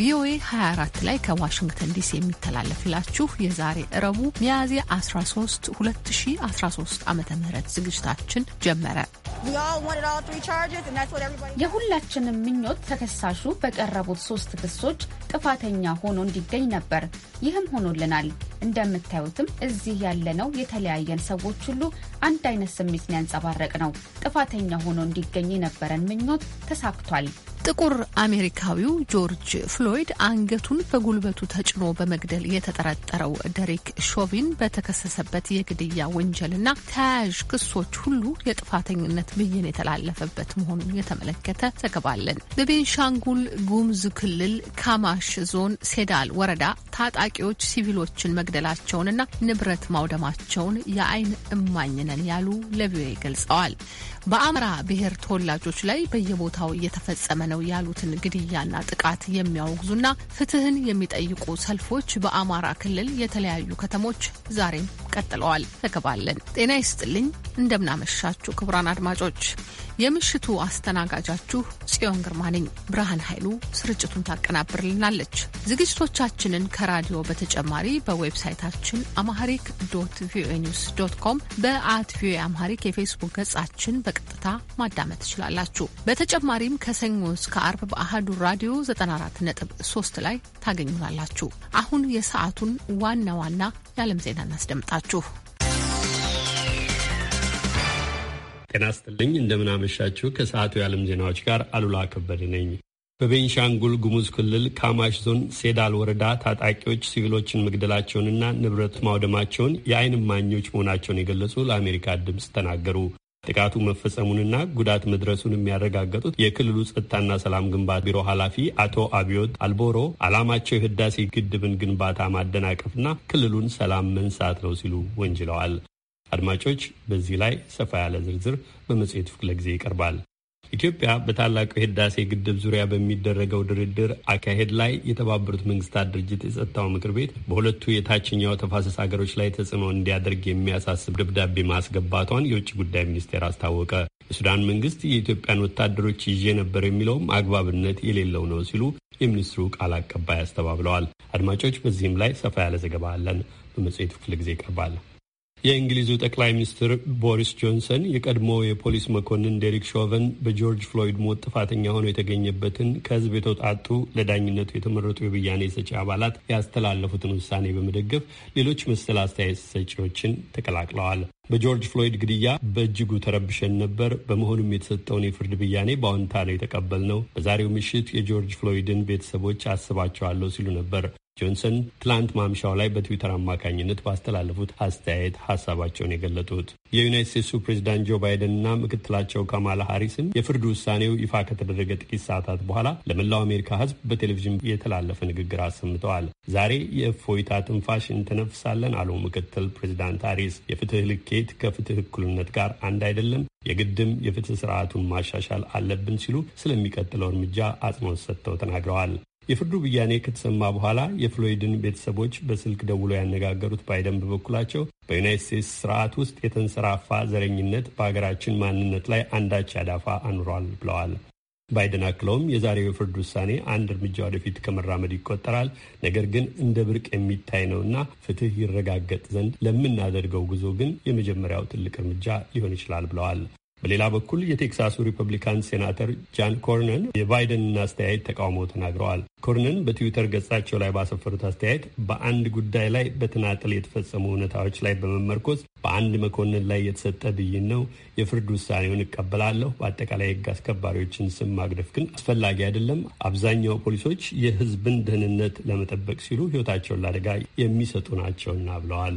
ቪኦኤ 24 ላይ ከዋሽንግተን ዲሲ የሚተላለፍላችሁ የዛሬ እረቡ ሚያዝያ 13 2013 ዓ ም ዝግጅታችን ጀመረ። የሁላችንም ምኞት ተከሳሹ በቀረቡት ሶስት ክሶች ጥፋተኛ ሆኖ እንዲገኝ ነበር። ይህም ሆኖልናል። እንደምታዩትም እዚህ ያለነው የተለያየን ሰዎች ሁሉ አንድ አይነት ስሜት ያንጸባረቅ ነው። ጥፋተኛ ሆኖ እንዲገኝ የነበረን ምኞት ተሳክቷል። ጥቁር አሜሪካዊው ጆርጅ ፍሎይድ አንገቱን በጉልበቱ ተጭኖ በመግደል የተጠረጠረው ደሪክ ሾቪን በተከሰሰበት የግድያ ወንጀልና ተያያዥ ክሶች ሁሉ የጥፋተኝነት ብይን የተላለፈበት መሆኑን የተመለከተ ዘገባ አለን። በቤንሻንጉል ጉሙዝ ክልል ካማሽ ዞን ሴዳል ወረዳ ታጣቂዎች ሲቪሎችን መግደላቸውንና ንብረት ማውደማቸውን የአይን እማኝ ነን ያሉ ለቪኦኤ ገልጸዋል። በአማራ ብሔር ተወላጆች ላይ በየቦታው እየተፈጸመ ነው ያሉትን ግድያና ጥቃት የሚያወግዙና ፍትህን የሚጠይቁ ሰልፎች በአማራ ክልል የተለያዩ ከተሞች ዛሬም ቀጥለዋል። ዘገባለን። ጤና ይስጥልኝ። እንደምናመሻችሁ ክቡራን አድማጮች የምሽቱ አስተናጋጃችሁ ጽዮን ግርማ ነኝ። ብርሃን ኃይሉ ስርጭቱን ታቀናብርልናለች። ዝግጅቶቻችንን ከራዲዮ በተጨማሪ በዌብሳይታችን አማሐሪክ ዶት ቪኦኤ ኒውስ ዶት ኮም፣ በአት ቪኦኤ አማሐሪክ የፌስቡክ ገጻችን በቀጥታ ማዳመጥ ትችላላችሁ። በተጨማሪም ከሰኞ እስከ አርብ በአህዱ ራዲዮ 94.3 ላይ ታገኙናላችሁ። አሁን የሰዓቱን ዋና ዋና የዓለም ዜና እናስደምጣችሁ። ጤና ስጥልኝ፣ እንደምናመሻችሁ። ከሰዓቱ የዓለም ዜናዎች ጋር አሉላ ከበደ ነኝ። በቤንሻንጉል ጉሙዝ ክልል ካማሽ ዞን ሴዳል ወረዳ ታጣቂዎች ሲቪሎችን መግደላቸውንና ንብረት ማውደማቸውን የአይን ማኞች መሆናቸውን የገለጹ ለአሜሪካ ድምፅ ተናገሩ። ጥቃቱ መፈጸሙንና ጉዳት መድረሱን የሚያረጋገጡት የክልሉ ጸጥታና ሰላም ግንባታ ቢሮ ኃላፊ አቶ አብዮት አልቦሮ ዓላማቸው የህዳሴ ግድብን ግንባታ ማደናቀፍና ክልሉን ሰላም መንሳት ነው ሲሉ ወንጅለዋል። አድማጮች፣ በዚህ ላይ ሰፋ ያለ ዝርዝር በመጽሔቱ ክፍለ ጊዜ ይቀርባል። ኢትዮጵያ በታላቁ የህዳሴ ግድብ ዙሪያ በሚደረገው ድርድር አካሄድ ላይ የተባበሩት መንግስታት ድርጅት የጸጥታው ምክር ቤት በሁለቱ የታችኛው ተፋሰስ ሀገሮች ላይ ተጽዕኖ እንዲያደርግ የሚያሳስብ ደብዳቤ ማስገባቷን የውጭ ጉዳይ ሚኒስቴር አስታወቀ። የሱዳን መንግስት የኢትዮጵያን ወታደሮች ይዤ ነበር የሚለውም አግባብነት የሌለው ነው ሲሉ የሚኒስትሩ ቃል አቀባይ አስተባብለዋል። አድማጮች፣ በዚህም ላይ ሰፋ ያለ ዘገባ አለን። በመጽሔቱ ክፍለ ጊዜ ይቀርባል። የእንግሊዙ ጠቅላይ ሚኒስትር ቦሪስ ጆንሰን የቀድሞ የፖሊስ መኮንን ዴሪክ ሾቨን በጆርጅ ፍሎይድ ሞት ጥፋተኛ ሆኖ የተገኘበትን ከህዝብ የተውጣጡ ለዳኝነቱ የተመረጡ የብያኔ ሰጪ አባላት ያስተላለፉትን ውሳኔ በመደገፍ ሌሎች መሰል አስተያየት ሰጪዎችን ተቀላቅለዋል። በጆርጅ ፍሎይድ ግድያ በእጅጉ ተረብሸን ነበር። በመሆኑም የተሰጠውን የፍርድ ብያኔ በአዎንታ ነው የተቀበልነው። በዛሬው ምሽት የጆርጅ ፍሎይድን ቤተሰቦች አስባቸዋለሁ ሲሉ ነበር ጆንሰን ትላንት ማምሻው ላይ በትዊተር አማካኝነት ባስተላለፉት አስተያየት ሀሳባቸውን የገለጡት የዩናይት ስቴትሱ ፕሬዚዳንት ጆ እና ምክትላቸው ካማላ ሀሪስም የፍርድ ውሳኔው ይፋ ከተደረገ ጥቂት ሰዓታት በኋላ ለመላው አሜሪካ ሕዝብ በቴሌቪዥን የተላለፈ ንግግር አሰምተዋል። ዛሬ የእፎይታ ትንፋሽ እንተነፍሳለን አሉ ምክትል ፕሬዚዳንት ሀሪስ የፍትህ ልኬት ከፍትህ እኩልነት ጋር አንድ አይደለም፣ የግድም የፍትህ ስርዓቱን ማሻሻል አለብን ሲሉ ስለሚቀጥለው እርምጃ አጽንኦት ሰጥተው ተናግረዋል። የፍርዱ ብያኔ ከተሰማ በኋላ የፍሎይድን ቤተሰቦች በስልክ ደውሎ ያነጋገሩት ባይደን በበኩላቸው በዩናይት ስቴትስ ስርዓት ውስጥ የተንሰራፋ ዘረኝነት በሀገራችን ማንነት ላይ አንዳች አዳፋ አኑሯል ብለዋል። ባይደን አክለውም የዛሬው የፍርድ ውሳኔ አንድ እርምጃ ወደፊት ከመራመድ ይቆጠራል፣ ነገር ግን እንደ ብርቅ የሚታይ ነውና ፍትህ ይረጋገጥ ዘንድ ለምናደርገው ጉዞ ግን የመጀመሪያው ትልቅ እርምጃ ሊሆን ይችላል ብለዋል። በሌላ በኩል የቴክሳሱ ሪፐብሊካን ሴናተር ጃን ኮርነን የባይደንን አስተያየት ተቃውሞ ተናግረዋል። ኮርነን በትዊተር ገጻቸው ላይ ባሰፈሩት አስተያየት በአንድ ጉዳይ ላይ በተናጠል የተፈጸሙ እውነታዎች ላይ በመመርኮዝ በአንድ መኮንን ላይ የተሰጠ ብይን ነው። የፍርድ ውሳኔውን እቀበላለሁ። በአጠቃላይ የህግ አስከባሪዎችን ስም ማግደፍ ግን አስፈላጊ አይደለም። አብዛኛው ፖሊሶች የህዝብን ደህንነት ለመጠበቅ ሲሉ ሕይወታቸውን ለአደጋ የሚሰጡ ናቸውና ብለዋል።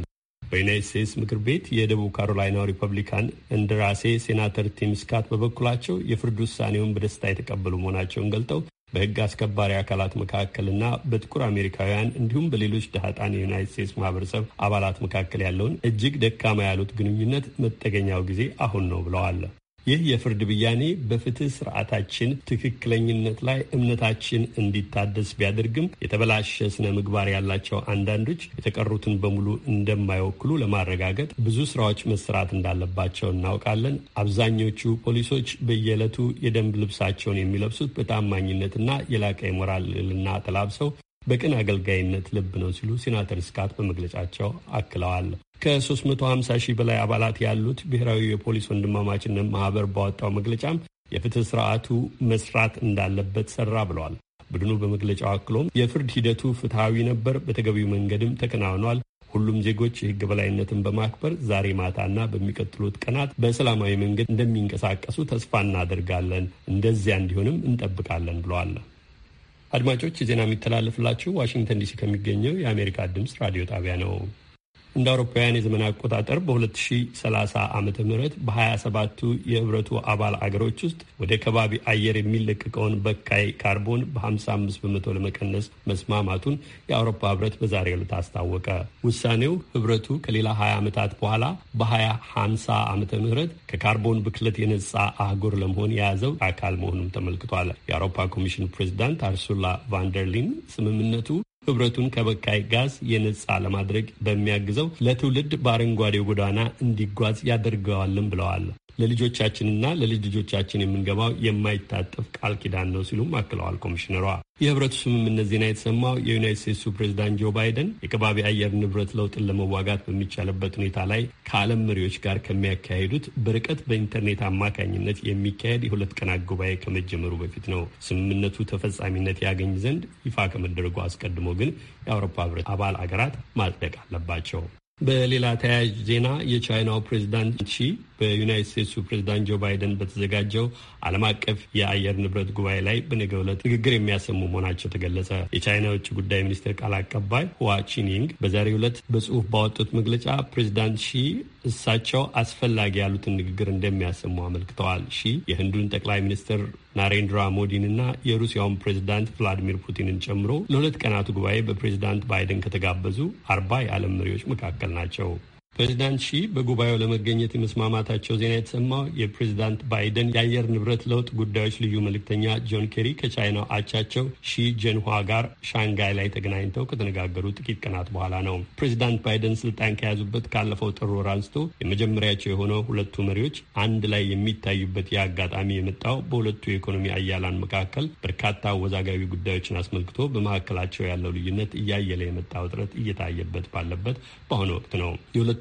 በዩናይት ስቴትስ ምክር ቤት የደቡብ ካሮላይናው ሪፐብሊካን እንደራሴ ሴናተር ቲም ስካት በበኩላቸው የፍርድ ውሳኔውን በደስታ የተቀበሉ መሆናቸውን ገልጠው በሕግ አስከባሪ አካላት መካከልና በጥቁር አሜሪካውያን እንዲሁም በሌሎች ደሃጣን የዩናይት ስቴትስ ማህበረሰብ አባላት መካከል ያለውን እጅግ ደካማ ያሉት ግንኙነት መጠገኛው ጊዜ አሁን ነው ብለዋል። ይህ የፍርድ ብያኔ በፍትህ ስርዓታችን ትክክለኝነት ላይ እምነታችን እንዲታደስ ቢያደርግም የተበላሸ ስነ ምግባር ያላቸው አንዳንዶች የተቀሩትን በሙሉ እንደማይወክሉ ለማረጋገጥ ብዙ ስራዎች መሰራት እንዳለባቸው እናውቃለን። አብዛኞቹ ፖሊሶች በየዕለቱ የደንብ ልብሳቸውን የሚለብሱት በታማኝነትና የላቀ የሞራል ልዕልና ተላብሰው በቅን አገልጋይነት ልብ ነው ሲሉ ሴናተር ስካት በመግለጫቸው አክለዋል። ከ350 ሺህ በላይ አባላት ያሉት ብሔራዊ የፖሊስ ወንድማማችነት ማህበር ባወጣው መግለጫም የፍትህ ስርዓቱ መስራት እንዳለበት ሰራ ብለዋል። ቡድኑ በመግለጫው አክሎም የፍርድ ሂደቱ ፍትሐዊ ነበር፣ በተገቢው መንገድም ተከናውኗል። ሁሉም ዜጎች የህግ በላይነትን በማክበር ዛሬ ማታና በሚቀጥሉት ቀናት በሰላማዊ መንገድ እንደሚንቀሳቀሱ ተስፋ እናደርጋለን። እንደዚያ እንዲሆንም እንጠብቃለን ብለዋል። አድማጮች፣ ዜና የሚተላለፍላችሁ ዋሽንግተን ዲሲ ከሚገኘው የአሜሪካ ድምፅ ራዲዮ ጣቢያ ነው። እንደ አውሮፓውያን የዘመን አቆጣጠር በ2030 ዓ ም በ27ቱ የህብረቱ አባል አገሮች ውስጥ ወደ ከባቢ አየር የሚለቀቀውን በካይ ካርቦን በ55 በመቶ ለመቀነስ መስማማቱን የአውሮፓ ህብረት በዛሬ ዕለት አስታወቀ። ውሳኔው ህብረቱ ከሌላ 20 ዓመታት በኋላ በ2050 ዓ ም ከካርቦን ብክለት የነጻ አህጉር ለመሆን የያዘው አካል መሆኑም ተመልክቷል። የአውሮፓ ኮሚሽን ፕሬዚዳንት አርሱላ ቫንደርሊን ስምምነቱ ህብረቱን ከበካይ ጋዝ የነጻ ለማድረግ በሚያግዘው ለትውልድ በአረንጓዴው ጎዳና እንዲጓዝ ያደርገዋልም ብለዋል። ለልጆቻችንና ለልጅ ልጆቻችን የምንገባው የማይታጠፍ ቃል ኪዳን ነው ሲሉም አክለዋል ኮሚሽነሯ። የህብረቱ ስምምነት ዜና የተሰማው የዩናይት ስቴትሱ ፕሬዚዳንት ጆ ባይደን የከባቢ አየር ንብረት ለውጥን ለመዋጋት በሚቻልበት ሁኔታ ላይ ከዓለም መሪዎች ጋር ከሚያካሂዱት በርቀት በኢንተርኔት አማካኝነት የሚካሄድ የሁለት ቀናት ጉባኤ ከመጀመሩ በፊት ነው። ስምምነቱ ተፈጻሚነት ያገኝ ዘንድ ይፋ ከመደረጉ አስቀድሞ ግን የአውሮፓ ህብረት አባል አገራት ማጽደቅ አለባቸው። በሌላ ተያያዥ ዜና የቻይናው ፕሬዚዳንት ሺ በዩናይት ስቴትሱ ፕሬዚዳንት ጆ ባይደን በተዘጋጀው ዓለም አቀፍ የአየር ንብረት ጉባኤ ላይ በነገው ዕለት ንግግር የሚያሰሙ መሆናቸው ተገለጸ። የቻይና የውጭ ጉዳይ ሚኒስቴር ቃል አቀባይ ሁዋ ቺኒንግ ሁለት ዕለት በጽሁፍ ባወጡት መግለጫ ፕሬዚዳንት ሺ እሳቸው አስፈላጊ ያሉትን ንግግር እንደሚያሰሙ አመልክተዋል። ሺ የህንዱን ጠቅላይ ሚኒስትር ናሬንድራ ሞዲንና የሩሲያውን ፕሬዚዳንት ቭላዲሚር ፑቲንን ጨምሮ ለሁለት ቀናቱ ጉባኤ በፕሬዚዳንት ባይደን ከተጋበዙ አርባ የዓለም መሪዎች መካከል ናቸው። ፕሬዚዳንት ሺ በጉባኤው ለመገኘት የመስማማታቸው ዜና የተሰማው የፕሬዚዳንት ባይደን የአየር ንብረት ለውጥ ጉዳዮች ልዩ መልእክተኛ ጆን ኬሪ ከቻይናው አቻቸው ሺ ጀንሁዋ ጋር ሻንጋይ ላይ ተገናኝተው ከተነጋገሩ ጥቂት ቀናት በኋላ ነው። ፕሬዚዳንት ባይደን ስልጣን ከያዙበት ካለፈው ጥር ወር አንስቶ የመጀመሪያቸው የሆነው ሁለቱ መሪዎች አንድ ላይ የሚታዩበት የአጋጣሚ የመጣው በሁለቱ የኢኮኖሚ አያላን መካከል በርካታ አወዛጋቢ ጉዳዮችን አስመልክቶ በመካከላቸው ያለው ልዩነት እያየለ የመጣ ውጥረት እየታየበት ባለበት በአሁኑ ወቅት ነው።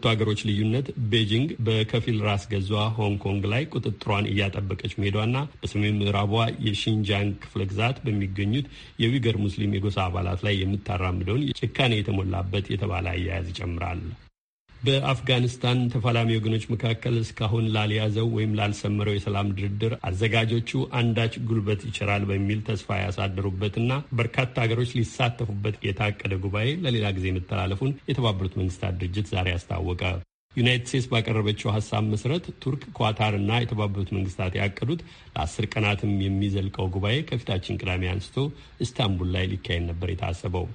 በሁለቱ ሀገሮች ልዩነት ቤጂንግ በከፊል ራስ ገዟ ሆንግ ኮንግ ላይ ቁጥጥሯን እያጠበቀች መሄዷና በሰሜን ምዕራቧ የሺንጃንግ ክፍለ ግዛት በሚገኙት የዊገር ሙስሊም የጎሳ አባላት ላይ የምታራምደውን ጭካኔ የተሞላበት የተባለ አያያዝ ይጨምራል። በአፍጋኒስታን ተፋላሚ ወገኖች መካከል እስካሁን ላልያዘው ወይም ላልሰመረው የሰላም ድርድር አዘጋጆቹ አንዳች ጉልበት ይችራል በሚል ተስፋ ያሳደሩበትና በርካታ ሀገሮች ሊሳተፉበት የታቀደ ጉባኤ ለሌላ ጊዜ መተላለፉን የተባበሩት መንግስታት ድርጅት ዛሬ አስታወቀ። ዩናይትድ ስቴትስ ባቀረበችው ሀሳብ መሰረት ቱርክ፣ ኳታር እና የተባበሩት መንግስታት ያቀዱት ለአስር ቀናትም የሚዘልቀው ጉባኤ ከፊታችን ቅዳሜ አንስቶ ኢስታንቡል ላይ ሊካሄድ ነበር የታሰበው።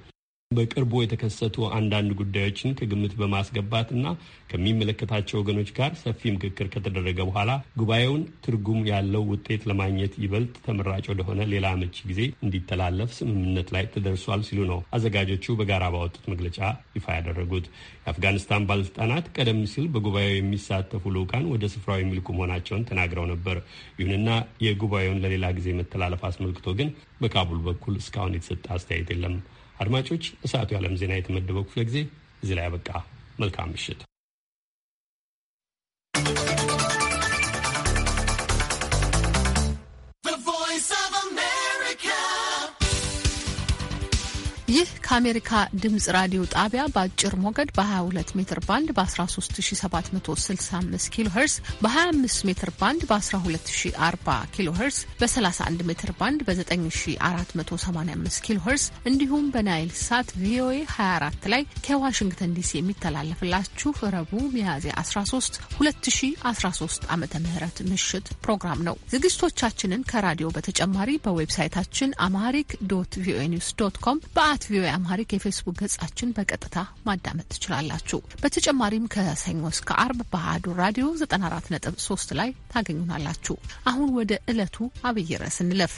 በቅርቡ የተከሰቱ አንዳንድ ጉዳዮችን ከግምት በማስገባትና ከሚመለከታቸው ወገኖች ጋር ሰፊ ምክክር ከተደረገ በኋላ ጉባኤውን ትርጉም ያለው ውጤት ለማግኘት ይበልጥ ተመራጭ ወደሆነ ሌላ አመቺ ጊዜ እንዲተላለፍ ስምምነት ላይ ተደርሷል ሲሉ ነው አዘጋጆቹ በጋራ ባወጡት መግለጫ ይፋ ያደረጉት። የአፍጋኒስታን ባለስልጣናት ቀደም ሲል በጉባኤው የሚሳተፉ ልዑካን ወደ ስፍራው የሚልኩ መሆናቸውን ተናግረው ነበር። ይሁንና የጉባኤውን ለሌላ ጊዜ መተላለፍ አስመልክቶ ግን በካቡል በኩል እስካሁን የተሰጠ አስተያየት የለም። አድማጮች፣ ለሰዓቱ የዓለም ዜና የተመደበው ክፍለ ጊዜ እዚህ ላይ አበቃ። መልካም ምሽት። ይህ ከአሜሪካ ድምጽ ራዲዮ ጣቢያ በአጭር ሞገድ በ22 ሜትር ባንድ በ13765 ኪሎ ሄርስ በ25 ሜትር ባንድ በ1240 ኪሎ ሄርስ በ31 ሜትር ባንድ በ9485 ኪሎ ሄርስ እንዲሁም በናይል ሳት ቪኦኤ 24 ላይ ከዋሽንግተን ዲሲ የሚተላለፍላችሁ ረቡዕ ሚያዝያ 13 2013 ዓመተ ምህረት ምሽት ፕሮግራም ነው። ዝግጅቶቻችንን ከራዲዮ በተጨማሪ በዌብሳይታችን አማሪክ ዶት ቪኦኤ ኒውስ ዶት ኮም በአት ቪኦኤ አምሃሪክ የፌስቡክ ገጻችን በቀጥታ ማዳመጥ ትችላላችሁ። በተጨማሪም ከሰኞ እስከ አርብ በአሀዱ ራዲዮ 94.3 ላይ ታገኙናላችሁ። አሁን ወደ ዕለቱ አብይ ርዕስ እንለፍ።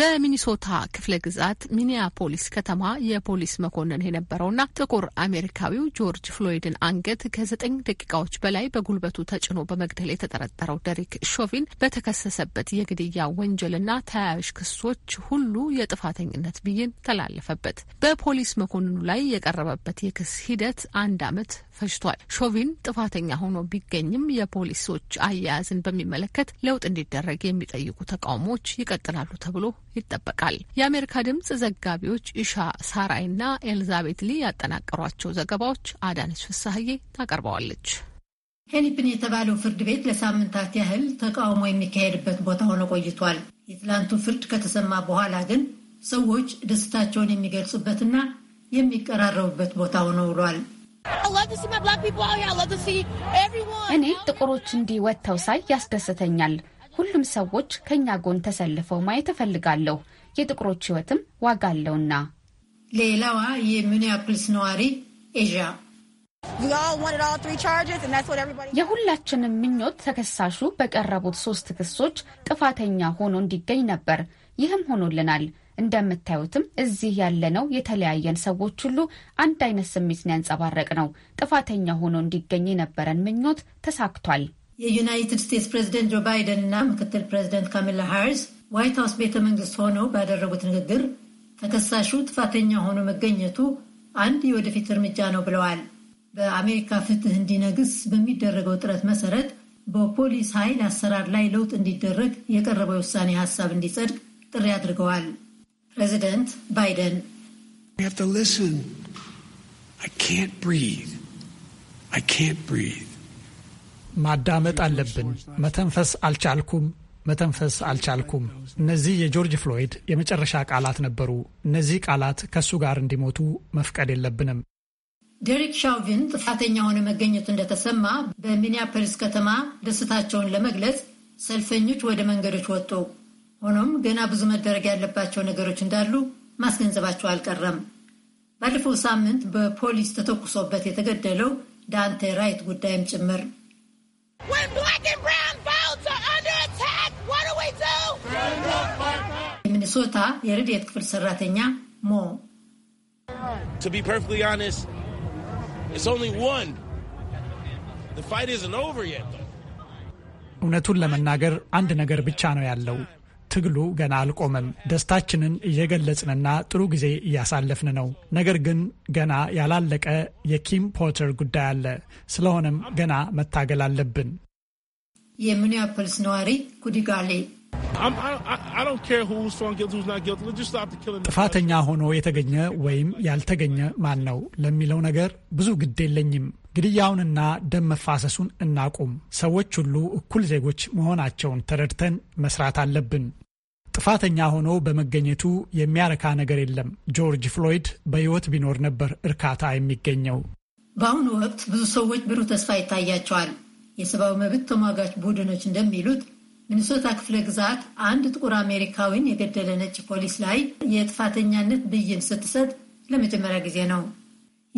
በሚኒሶታ ክፍለ ግዛት ሚኒያፖሊስ ከተማ የፖሊስ መኮንን የነበረውና ጥቁር አሜሪካዊው ጆርጅ ፍሎይድን አንገት ከዘጠኝ ደቂቃዎች በላይ በጉልበቱ ተጭኖ በመግደል የተጠረጠረው ደሪክ ሾቪን በተከሰሰበት የግድያ ወንጀልና ተያያዥ ክሶች ሁሉ የጥፋተኝነት ብይን ተላለፈበት። በፖሊስ መኮንኑ ላይ የቀረበበት የክስ ሂደት አንድ ዓመት ፈጅቷል። ሾቪን ጥፋተኛ ሆኖ ቢገኝም የፖሊሶች አያያዝን በሚመለከት ለውጥ እንዲደረግ የሚጠይቁ ተቃውሞዎች ይቀጥላሉ ተብሎ ይጠበቃል። የአሜሪካ ድምጽ ዘጋቢዎች ኢሻ እና ኤልዛቤት ሊ ያጠናቀሯቸው ዘገባዎች አዳነች ፍሳሀዬ ታቀርበዋለች። ሄኒፕን የተባለው ፍርድ ቤት ለሳምንታት ያህል ተቃውሞ የሚካሄድበት ቦታ ሆኖ ቆይቷል። የትላንቱ ፍርድ ከተሰማ በኋላ ግን ሰዎች ደስታቸውን የሚገልጹበትና የሚቀራረቡበት ቦታ ሆኖ ውሏል። እኔ ጥቁሮች እንዲህ ወጥተው ሳይ ያስደስተኛል። ሁሉም ሰዎች ከእኛ ጎን ተሰልፈው ማየት እፈልጋለሁ። የጥቁሮች ህይወትም ዋጋ አለውና። ሌላዋ የሚኒያፖሊስ ነዋሪ ኤዣ የሁላችንም ምኞት ተከሳሹ በቀረቡት ሶስት ክሶች ጥፋተኛ ሆኖ እንዲገኝ ነበር። ይህም ሆኖልናል። እንደምታዩትም እዚህ ያለነው የተለያየን ሰዎች ሁሉ አንድ አይነት ስሜት ያንጸባረቅ ነው። ጥፋተኛ ሆኖ እንዲገኝ የነበረን ምኞት ተሳክቷል። የዩናይትድ ስቴትስ ፕሬዚደንት ጆ ባይደን እና ምክትል ፕሬዚደንት ካሚላ ሃሪስ ዋይት ሀውስ ቤተ መንግስት ሆነው ባደረጉት ንግግር ተከሳሹ ጥፋተኛ ሆኖ መገኘቱ አንድ የወደፊት እርምጃ ነው ብለዋል። በአሜሪካ ፍትህ እንዲነግስ በሚደረገው ጥረት መሰረት በፖሊስ ኃይል አሰራር ላይ ለውጥ እንዲደረግ የቀረበ ውሳኔ ሀሳብ እንዲጸድቅ ጥሪ አድርገዋል። ፕሬዚደንት ባይደን I can't breathe. I can't breathe. ማዳመጥ አለብን። መተንፈስ አልቻልኩም፣ መተንፈስ አልቻልኩም። እነዚህ የጆርጅ ፍሎይድ የመጨረሻ ቃላት ነበሩ። እነዚህ ቃላት ከእሱ ጋር እንዲሞቱ መፍቀድ የለብንም። ዴሪክ ሻውቪን ጥፋተኛ ሆነ መገኘቱ እንደተሰማ በሚኒያፖሊስ ከተማ ደስታቸውን ለመግለጽ ሰልፈኞች ወደ መንገዶች ወጡ። ሆኖም ገና ብዙ መደረግ ያለባቸው ነገሮች እንዳሉ ማስገንዘባቸው አልቀረም። ባለፈው ሳምንት በፖሊስ ተተኩሶበት የተገደለው ዳንቴ ራይት ጉዳይም ጭምር የሚኒሶታ የረድኤት ክፍል ሰራተኛ ሞ እውነቱን ለመናገር አንድ ነገር ብቻ ነው ያለው ትግሉ ገና አልቆመም። ደስታችንን እየገለጽንና ጥሩ ጊዜ እያሳለፍን ነው። ነገር ግን ገና ያላለቀ የኪም ፖተር ጉዳይ አለ። ስለሆነም ገና መታገል አለብን። የሚኒያፖሊስ ነዋሪ ጉዲጋሌ ጥፋተኛ ሆኖ የተገኘ ወይም ያልተገኘ ማን ነው ለሚለው ነገር ብዙ ግድ የለኝም። ግድያውንና ደም መፋሰሱን እናቁም። ሰዎች ሁሉ እኩል ዜጎች መሆናቸውን ተረድተን መስራት አለብን። ጥፋተኛ ሆኖ በመገኘቱ የሚያረካ ነገር የለም። ጆርጅ ፍሎይድ በሕይወት ቢኖር ነበር እርካታ የሚገኘው። በአሁኑ ወቅት ብዙ ሰዎች ብሩህ ተስፋ ይታያቸዋል። የሰብአዊ መብት ተሟጋች ቡድኖች እንደሚሉት ሚኒሶታ ክፍለ ግዛት አንድ ጥቁር አሜሪካዊን የገደለ ነጭ ፖሊስ ላይ የጥፋተኛነት ብይን ስትሰጥ ለመጀመሪያ ጊዜ ነው።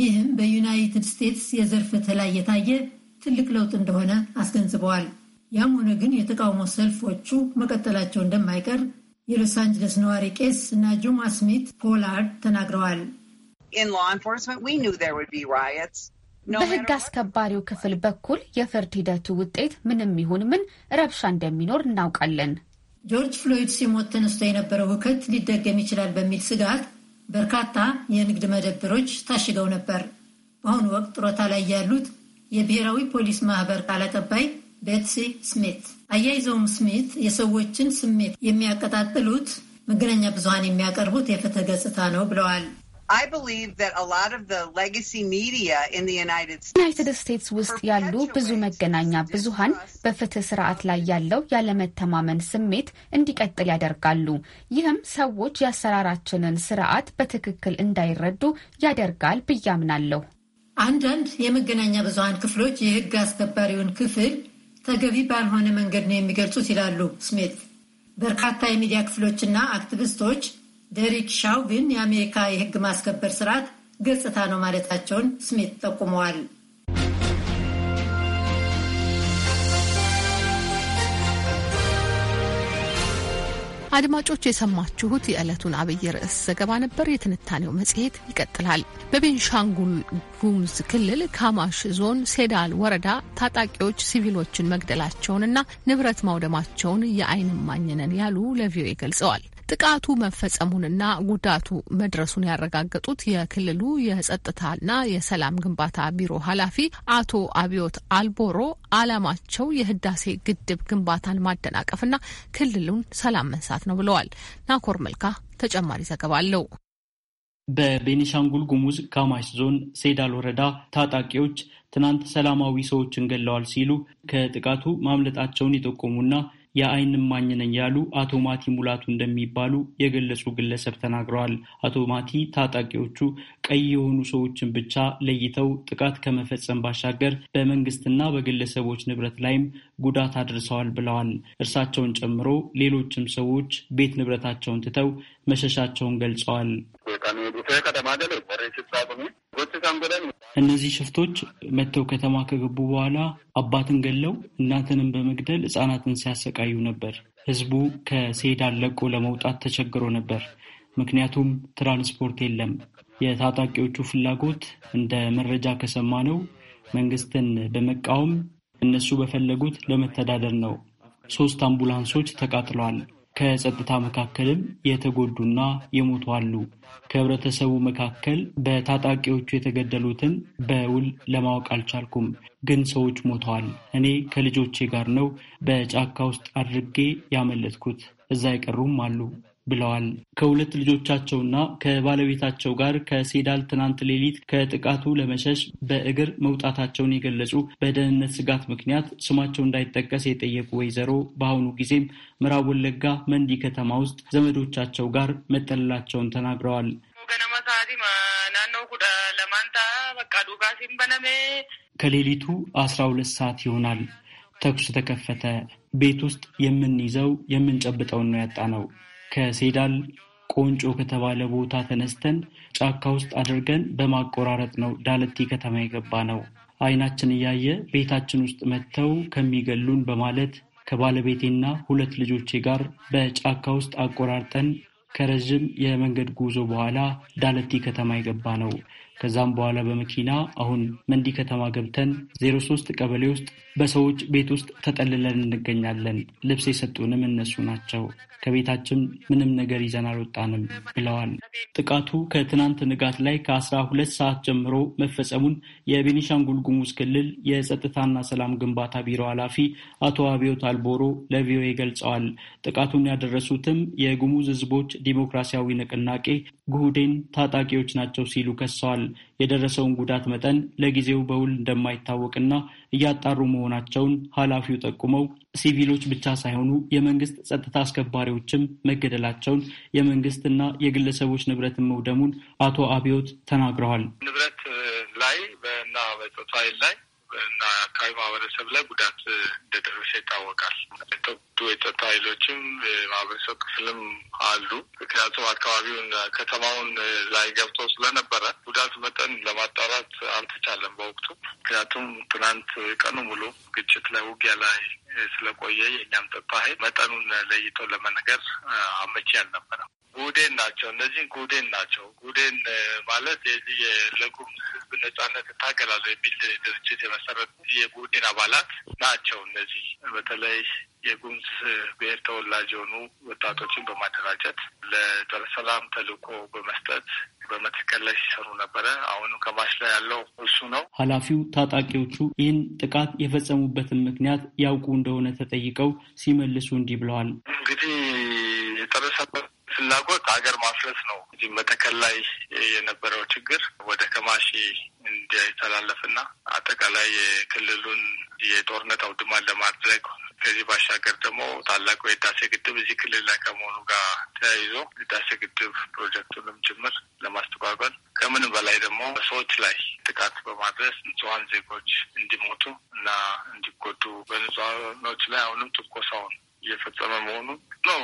ይህም በዩናይትድ ስቴትስ የዘር ፍትህ ላይ የታየ ትልቅ ለውጥ እንደሆነ አስገንዝበዋል። ያም ሆነ ግን የተቃውሞ ሰልፎቹ መቀጠላቸው እንደማይቀር የሎስ አንጀለስ ነዋሪ ቄስ እና ናጁማ ስሚት ፖላርድ ተናግረዋል። በሕግ አስከባሪው ክፍል በኩል የፍርድ ሂደቱ ውጤት ምንም ይሁን ምን ረብሻ እንደሚኖር እናውቃለን። ጆርጅ ፍሎይድ ሲሞት ተነስቶ የነበረው ሁከት ሊደገም ይችላል በሚል ስጋት በርካታ የንግድ መደብሮች ታሽገው ነበር። በአሁኑ ወቅት ጡረታ ላይ ያሉት የብሔራዊ ፖሊስ ማህበር ቃል አቀባይ ቤትሲ ስሚት አያይዘውም ስሜት የሰዎችን ስሜት የሚያቀጣጥሉት መገናኛ ብዙሀን የሚያቀርቡት የፍትህ ገጽታ ነው ብለዋል። United ስቴትስ ውስጥ ያሉ ብዙ መገናኛ ብዙሃን በፍትህ ስርዓት ላይ ያለው ያለመተማመን ስሜት እንዲቀጥል ያደርጋሉ። ይህም ሰዎች የአሰራራችንን ስርዓት በትክክል እንዳይረዱ ያደርጋል ብዬ አምናለሁ። አንዳንድ የመገናኛ ብዙሃን ክፍሎች የህግ አስከባሪውን ክፍል ተገቢ ባልሆነ መንገድ ነው የሚገልጹት ይላሉ ስሜት። በርካታ የሚዲያ ክፍሎችና አክቲቪስቶች ደሪክ ሻውቪን የአሜሪካ የሕግ ማስከበር ስርዓት ገጽታ ነው ማለታቸውን ስሜት ጠቁመዋል። አድማጮች የሰማችሁት የዕለቱን አብይ ርዕስ ዘገባ ነበር። የትንታኔው መጽሔት ይቀጥላል። በቤንሻንጉል ጉሙዝ ክልል ካማሽ ዞን ሴዳል ወረዳ ታጣቂዎች ሲቪሎችን መግደላቸውንና ንብረት ማውደማቸውን የአይን እማኝ ነን ያሉ ለቪኦኤ ገልጸዋል። ጥቃቱ መፈጸሙንና ጉዳቱ መድረሱን ያረጋገጡት የክልሉ የጸጥታና የሰላም ግንባታ ቢሮ ኃላፊ አቶ አብዮት አልቦሮ ዓላማቸው የህዳሴ ግድብ ግንባታን ማደናቀፍና ክልሉን ሰላም መንሳት ነው ብለዋል። ናኮር መልካ ተጨማሪ ዘገባ አለው። በቤኒሻንጉል ጉሙዝ ካማሽ ዞን ሴዳል ወረዳ ታጣቂዎች ትናንት ሰላማዊ ሰዎችን ገለዋል ሲሉ ከጥቃቱ ማምለጣቸውን የጠቆሙና የአይን እማኝ ነኝ ያሉ አቶ ማቲ ሙላቱ እንደሚባሉ የገለጹ ግለሰብ ተናግረዋል። አቶ ማቲ ታጣቂዎቹ ቀይ የሆኑ ሰዎችን ብቻ ለይተው ጥቃት ከመፈጸም ባሻገር በመንግስትና በግለሰቦች ንብረት ላይም ጉዳት አድርሰዋል ብለዋል። እርሳቸውን ጨምሮ ሌሎችም ሰዎች ቤት ንብረታቸውን ትተው መሸሻቸውን ገልጸዋል። እነዚህ ሽፍቶች መጥተው ከተማ ከገቡ በኋላ አባትን ገለው እናትንም በመግደል ህጻናትን ሲያሰቃዩ ነበር። ህዝቡ ከሴዳ ለቆ ለመውጣት ተቸግሮ ነበር። ምክንያቱም ትራንስፖርት የለም። የታጣቂዎቹ ፍላጎት እንደ መረጃ ከሰማ ነው። መንግስትን በመቃወም እነሱ በፈለጉት ለመተዳደር ነው። ሶስት አምቡላንሶች ተቃጥለዋል። ከጸጥታ መካከልም የተጎዱና የሞቱ አሉ። ከህብረተሰቡ መካከል በታጣቂዎቹ የተገደሉትን በውል ለማወቅ አልቻልኩም፣ ግን ሰዎች ሞተዋል። እኔ ከልጆቼ ጋር ነው በጫካ ውስጥ አድርጌ ያመለጥኩት። እዛ አይቀሩም አሉ። ብለዋል። ከሁለት ልጆቻቸውና ከባለቤታቸው ጋር ከሴዳል ትናንት ሌሊት ከጥቃቱ ለመሸሽ በእግር መውጣታቸውን የገለጹ በደህንነት ስጋት ምክንያት ስማቸው እንዳይጠቀስ የጠየቁ ወይዘሮ በአሁኑ ጊዜም ምዕራብ ወለጋ መንዲ ከተማ ውስጥ ዘመዶቻቸው ጋር መጠለላቸውን ተናግረዋል። ከሌሊቱ አስራ ሁለት ሰዓት ይሆናል። ተኩስ ተከፈተ። ቤት ውስጥ የምንይዘው የምንጨብጠውን ነው ያጣ ነው። ከሴዳል ቆንጮ ከተባለ ቦታ ተነስተን ጫካ ውስጥ አድርገን በማቆራረጥ ነው ዳለቲ ከተማ የገባ ነው። አይናችን እያየ ቤታችን ውስጥ መጥተው ከሚገሉን በማለት ከባለቤቴና ሁለት ልጆቼ ጋር በጫካ ውስጥ አቆራርጠን ከረዥም የመንገድ ጉዞ በኋላ ዳለቲ ከተማ የገባ ነው። ከዛም በኋላ በመኪና አሁን መንዲ ከተማ ገብተን 03 ቀበሌ ውስጥ በሰዎች ቤት ውስጥ ተጠልለን እንገኛለን። ልብስ የሰጡንም እነሱ ናቸው። ከቤታችን ምንም ነገር ይዘን አልወጣንም ብለዋል። ጥቃቱ ከትናንት ንጋት ላይ ከአስራ ሁለት ሰዓት ጀምሮ መፈጸሙን የቤኒሻንጉል ጉሙዝ ክልል የጸጥታና ሰላም ግንባታ ቢሮ ኃላፊ አቶ አብዮት አልቦሮ ለቪኦኤ ገልጸዋል። ጥቃቱን ያደረሱትም የጉሙዝ ሕዝቦች ዲሞክራሲያዊ ንቅናቄ ጉሁዴን ታጣቂዎች ናቸው ሲሉ ከሰዋል። የደረሰውን ጉዳት መጠን ለጊዜው በውል እንደማይታወቅና እያጣሩ መሆናቸውን ኃላፊው ጠቁመው ሲቪሎች ብቻ ሳይሆኑ የመንግስት ጸጥታ አስከባሪዎችም መገደላቸውን የመንግስትና የግለሰቦች ንብረትን መውደሙን አቶ አብዮት ተናግረዋል። ንብረት ላይ በና በጸጥታ ኃይል ላይ እና አካባቢ ማህበረሰብ ላይ ጉዳት እንደደረሰ ይታወቃል። የተወዱ የጸጥታ ኃይሎችም የማህበረሰብ ክፍልም አሉ። ምክንያቱም አካባቢውን ከተማውን ላይ ገብቶ ስለነበረ ቀን ለማጣራት አልተቻለም በወቅቱ። ምክንያቱም ትናንት ቀኑ ሙሉ ግጭት ላይ ውጊያ ላይ ስለቆየ የእኛም ጸጥታ ኃይል መጠኑን ለይቶ ለመነገር አመቺ አልነበረም። ጉዴን ናቸው እነዚህን ጉዴን ናቸው። ጉዴን ማለት የዚህ ለጉም ህዝብ ነጻነት እታገላለሁ የሚል ድርጅት የመሰረት የጉዴን አባላት ናቸው። እነዚህ በተለይ የጉሙዝ ብሔር ተወላጅ የሆኑ ወጣቶችን በማደራጀት ለጸረ ሰላም ተልዕኮ በመስጠት በመተከል ላይ ሲሰሩ ነበረ። አሁኑ ከማሽ ላይ ያለው እሱ ነው። ኃላፊው ታጣቂዎቹ ይህን ጥቃት የፈጸሙበትን ምክንያት ያውቁ እንደሆነ ተጠይቀው ሲመልሱ እንዲህ ብለዋል። እንግዲህ የጠረሰበት ፍላጎት ሀገር ማፍረስ ነው። እዚህ መተከል ላይ የነበረው ችግር ወደ ከማሺ እንዲተላለፍና አጠቃላይ የክልሉን የጦርነት አውድማን ለማድረግ ከዚህ ባሻገር ደግሞ ታላቁ የህዳሴ ግድብ እዚህ ክልል ላይ ከመሆኑ ጋር ተያይዞ ህዳሴ ግድብ ፕሮጀክቱንም ጭምር ለማስተጓጓል ከምንም በላይ ደግሞ ሰዎች ላይ ጥቃት በማድረስ ንጹሀን ዜጎች እንዲሞቱ እና እንዲጎዱ በንጹሀኖች ላይ አሁንም ትኮሳውን እየፈጸመ መሆኑን ነው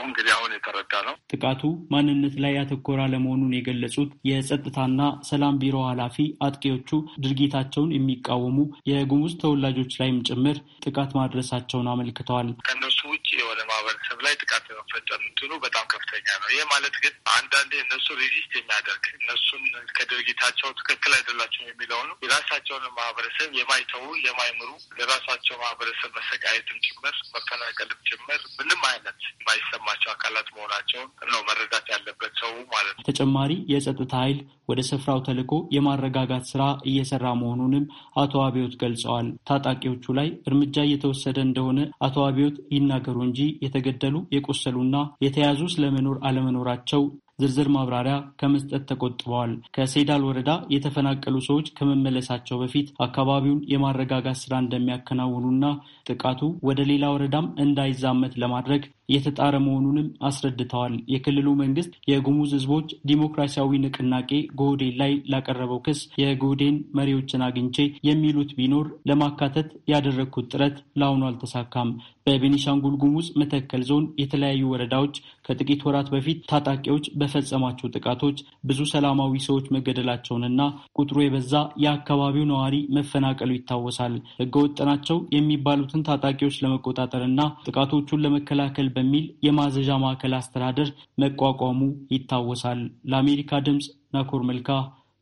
እንግዲህ አሁን የተረዳ ነው። ጥቃቱ ማንነት ላይ ያተኮረ አለመሆኑን የገለጹት የጸጥታና ሰላም ቢሮ ኃላፊ አጥቂዎቹ ድርጊታቸውን የሚቃወሙ የጉሙዝ ተወላጆች ላይም ጭምር ጥቃት ማድረሳቸውን አመልክተዋል። ከእነሱ ውጭ የሆነ ማህበረሰብ ላይ ጥቃት የመፈጸም እንትኑ በጣም ከፍተኛ ነው። ይህ ማለት ግን አንዳንዴ እነሱ ሪዚስት የሚያደርግ እነሱን ከድርጊታቸው ትክክል አይደላቸው የሚለውን የራሳቸውን ማህበረሰብ የማይተዉ የማይምሩ ለራሳቸው ማህበረሰብ መሰቃየትም ጭምር መፈናቀልም ጭምር ምንም አይነት የማይሰማቸው አካላት መሆናቸውን ነው መረዳት ያለበት ሰው ማለት ነው። ተጨማሪ የጸጥታ ኃይል ወደ ስፍራው ተልኮ የማረጋጋት ስራ እየሰራ መሆኑንም አቶ አብዮት ገልጸዋል። ታጣቂዎቹ ላይ እርምጃ እየተወሰደ እንደሆነ አቶ አብዮት ይናገሩ እንጂ የተገደሉ የቆሰሉና የተያዙ ስለመኖር አለመኖራቸው ዝርዝር ማብራሪያ ከመስጠት ተቆጥበዋል። ከሴዳል ወረዳ የተፈናቀሉ ሰዎች ከመመለሳቸው በፊት አካባቢውን የማረጋጋት ስራ እንደሚያከናውኑና ጥቃቱ ወደ ሌላ ወረዳም እንዳይዛመት ለማድረግ እየተጣረ መሆኑንም አስረድተዋል። የክልሉ መንግስት የጉሙዝ ህዝቦች ዲሞክራሲያዊ ንቅናቄ ጎህዴን ላይ ላቀረበው ክስ የጎህዴን መሪዎችን አግኝቼ የሚሉት ቢኖር ለማካተት ያደረግኩት ጥረት ለአሁኑ አልተሳካም። በቤኒሻንጉል ጉሙዝ መተከል ዞን የተለያዩ ወረዳዎች ከጥቂት ወራት በፊት ታጣቂዎች በፈጸማቸው ጥቃቶች ብዙ ሰላማዊ ሰዎች መገደላቸውንና ቁጥሩ የበዛ የአካባቢው ነዋሪ መፈናቀሉ ይታወሳል። ህገወጥ ናቸው የሚባሉትን ታጣቂዎች ለመቆጣጠር እና ጥቃቶቹን ለመከላከል በሚል የማዘዣ ማዕከል አስተዳደር መቋቋሙ ይታወሳል። ለአሜሪካ ድምፅ ናኮር መልካ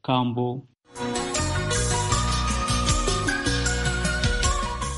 ካምቦ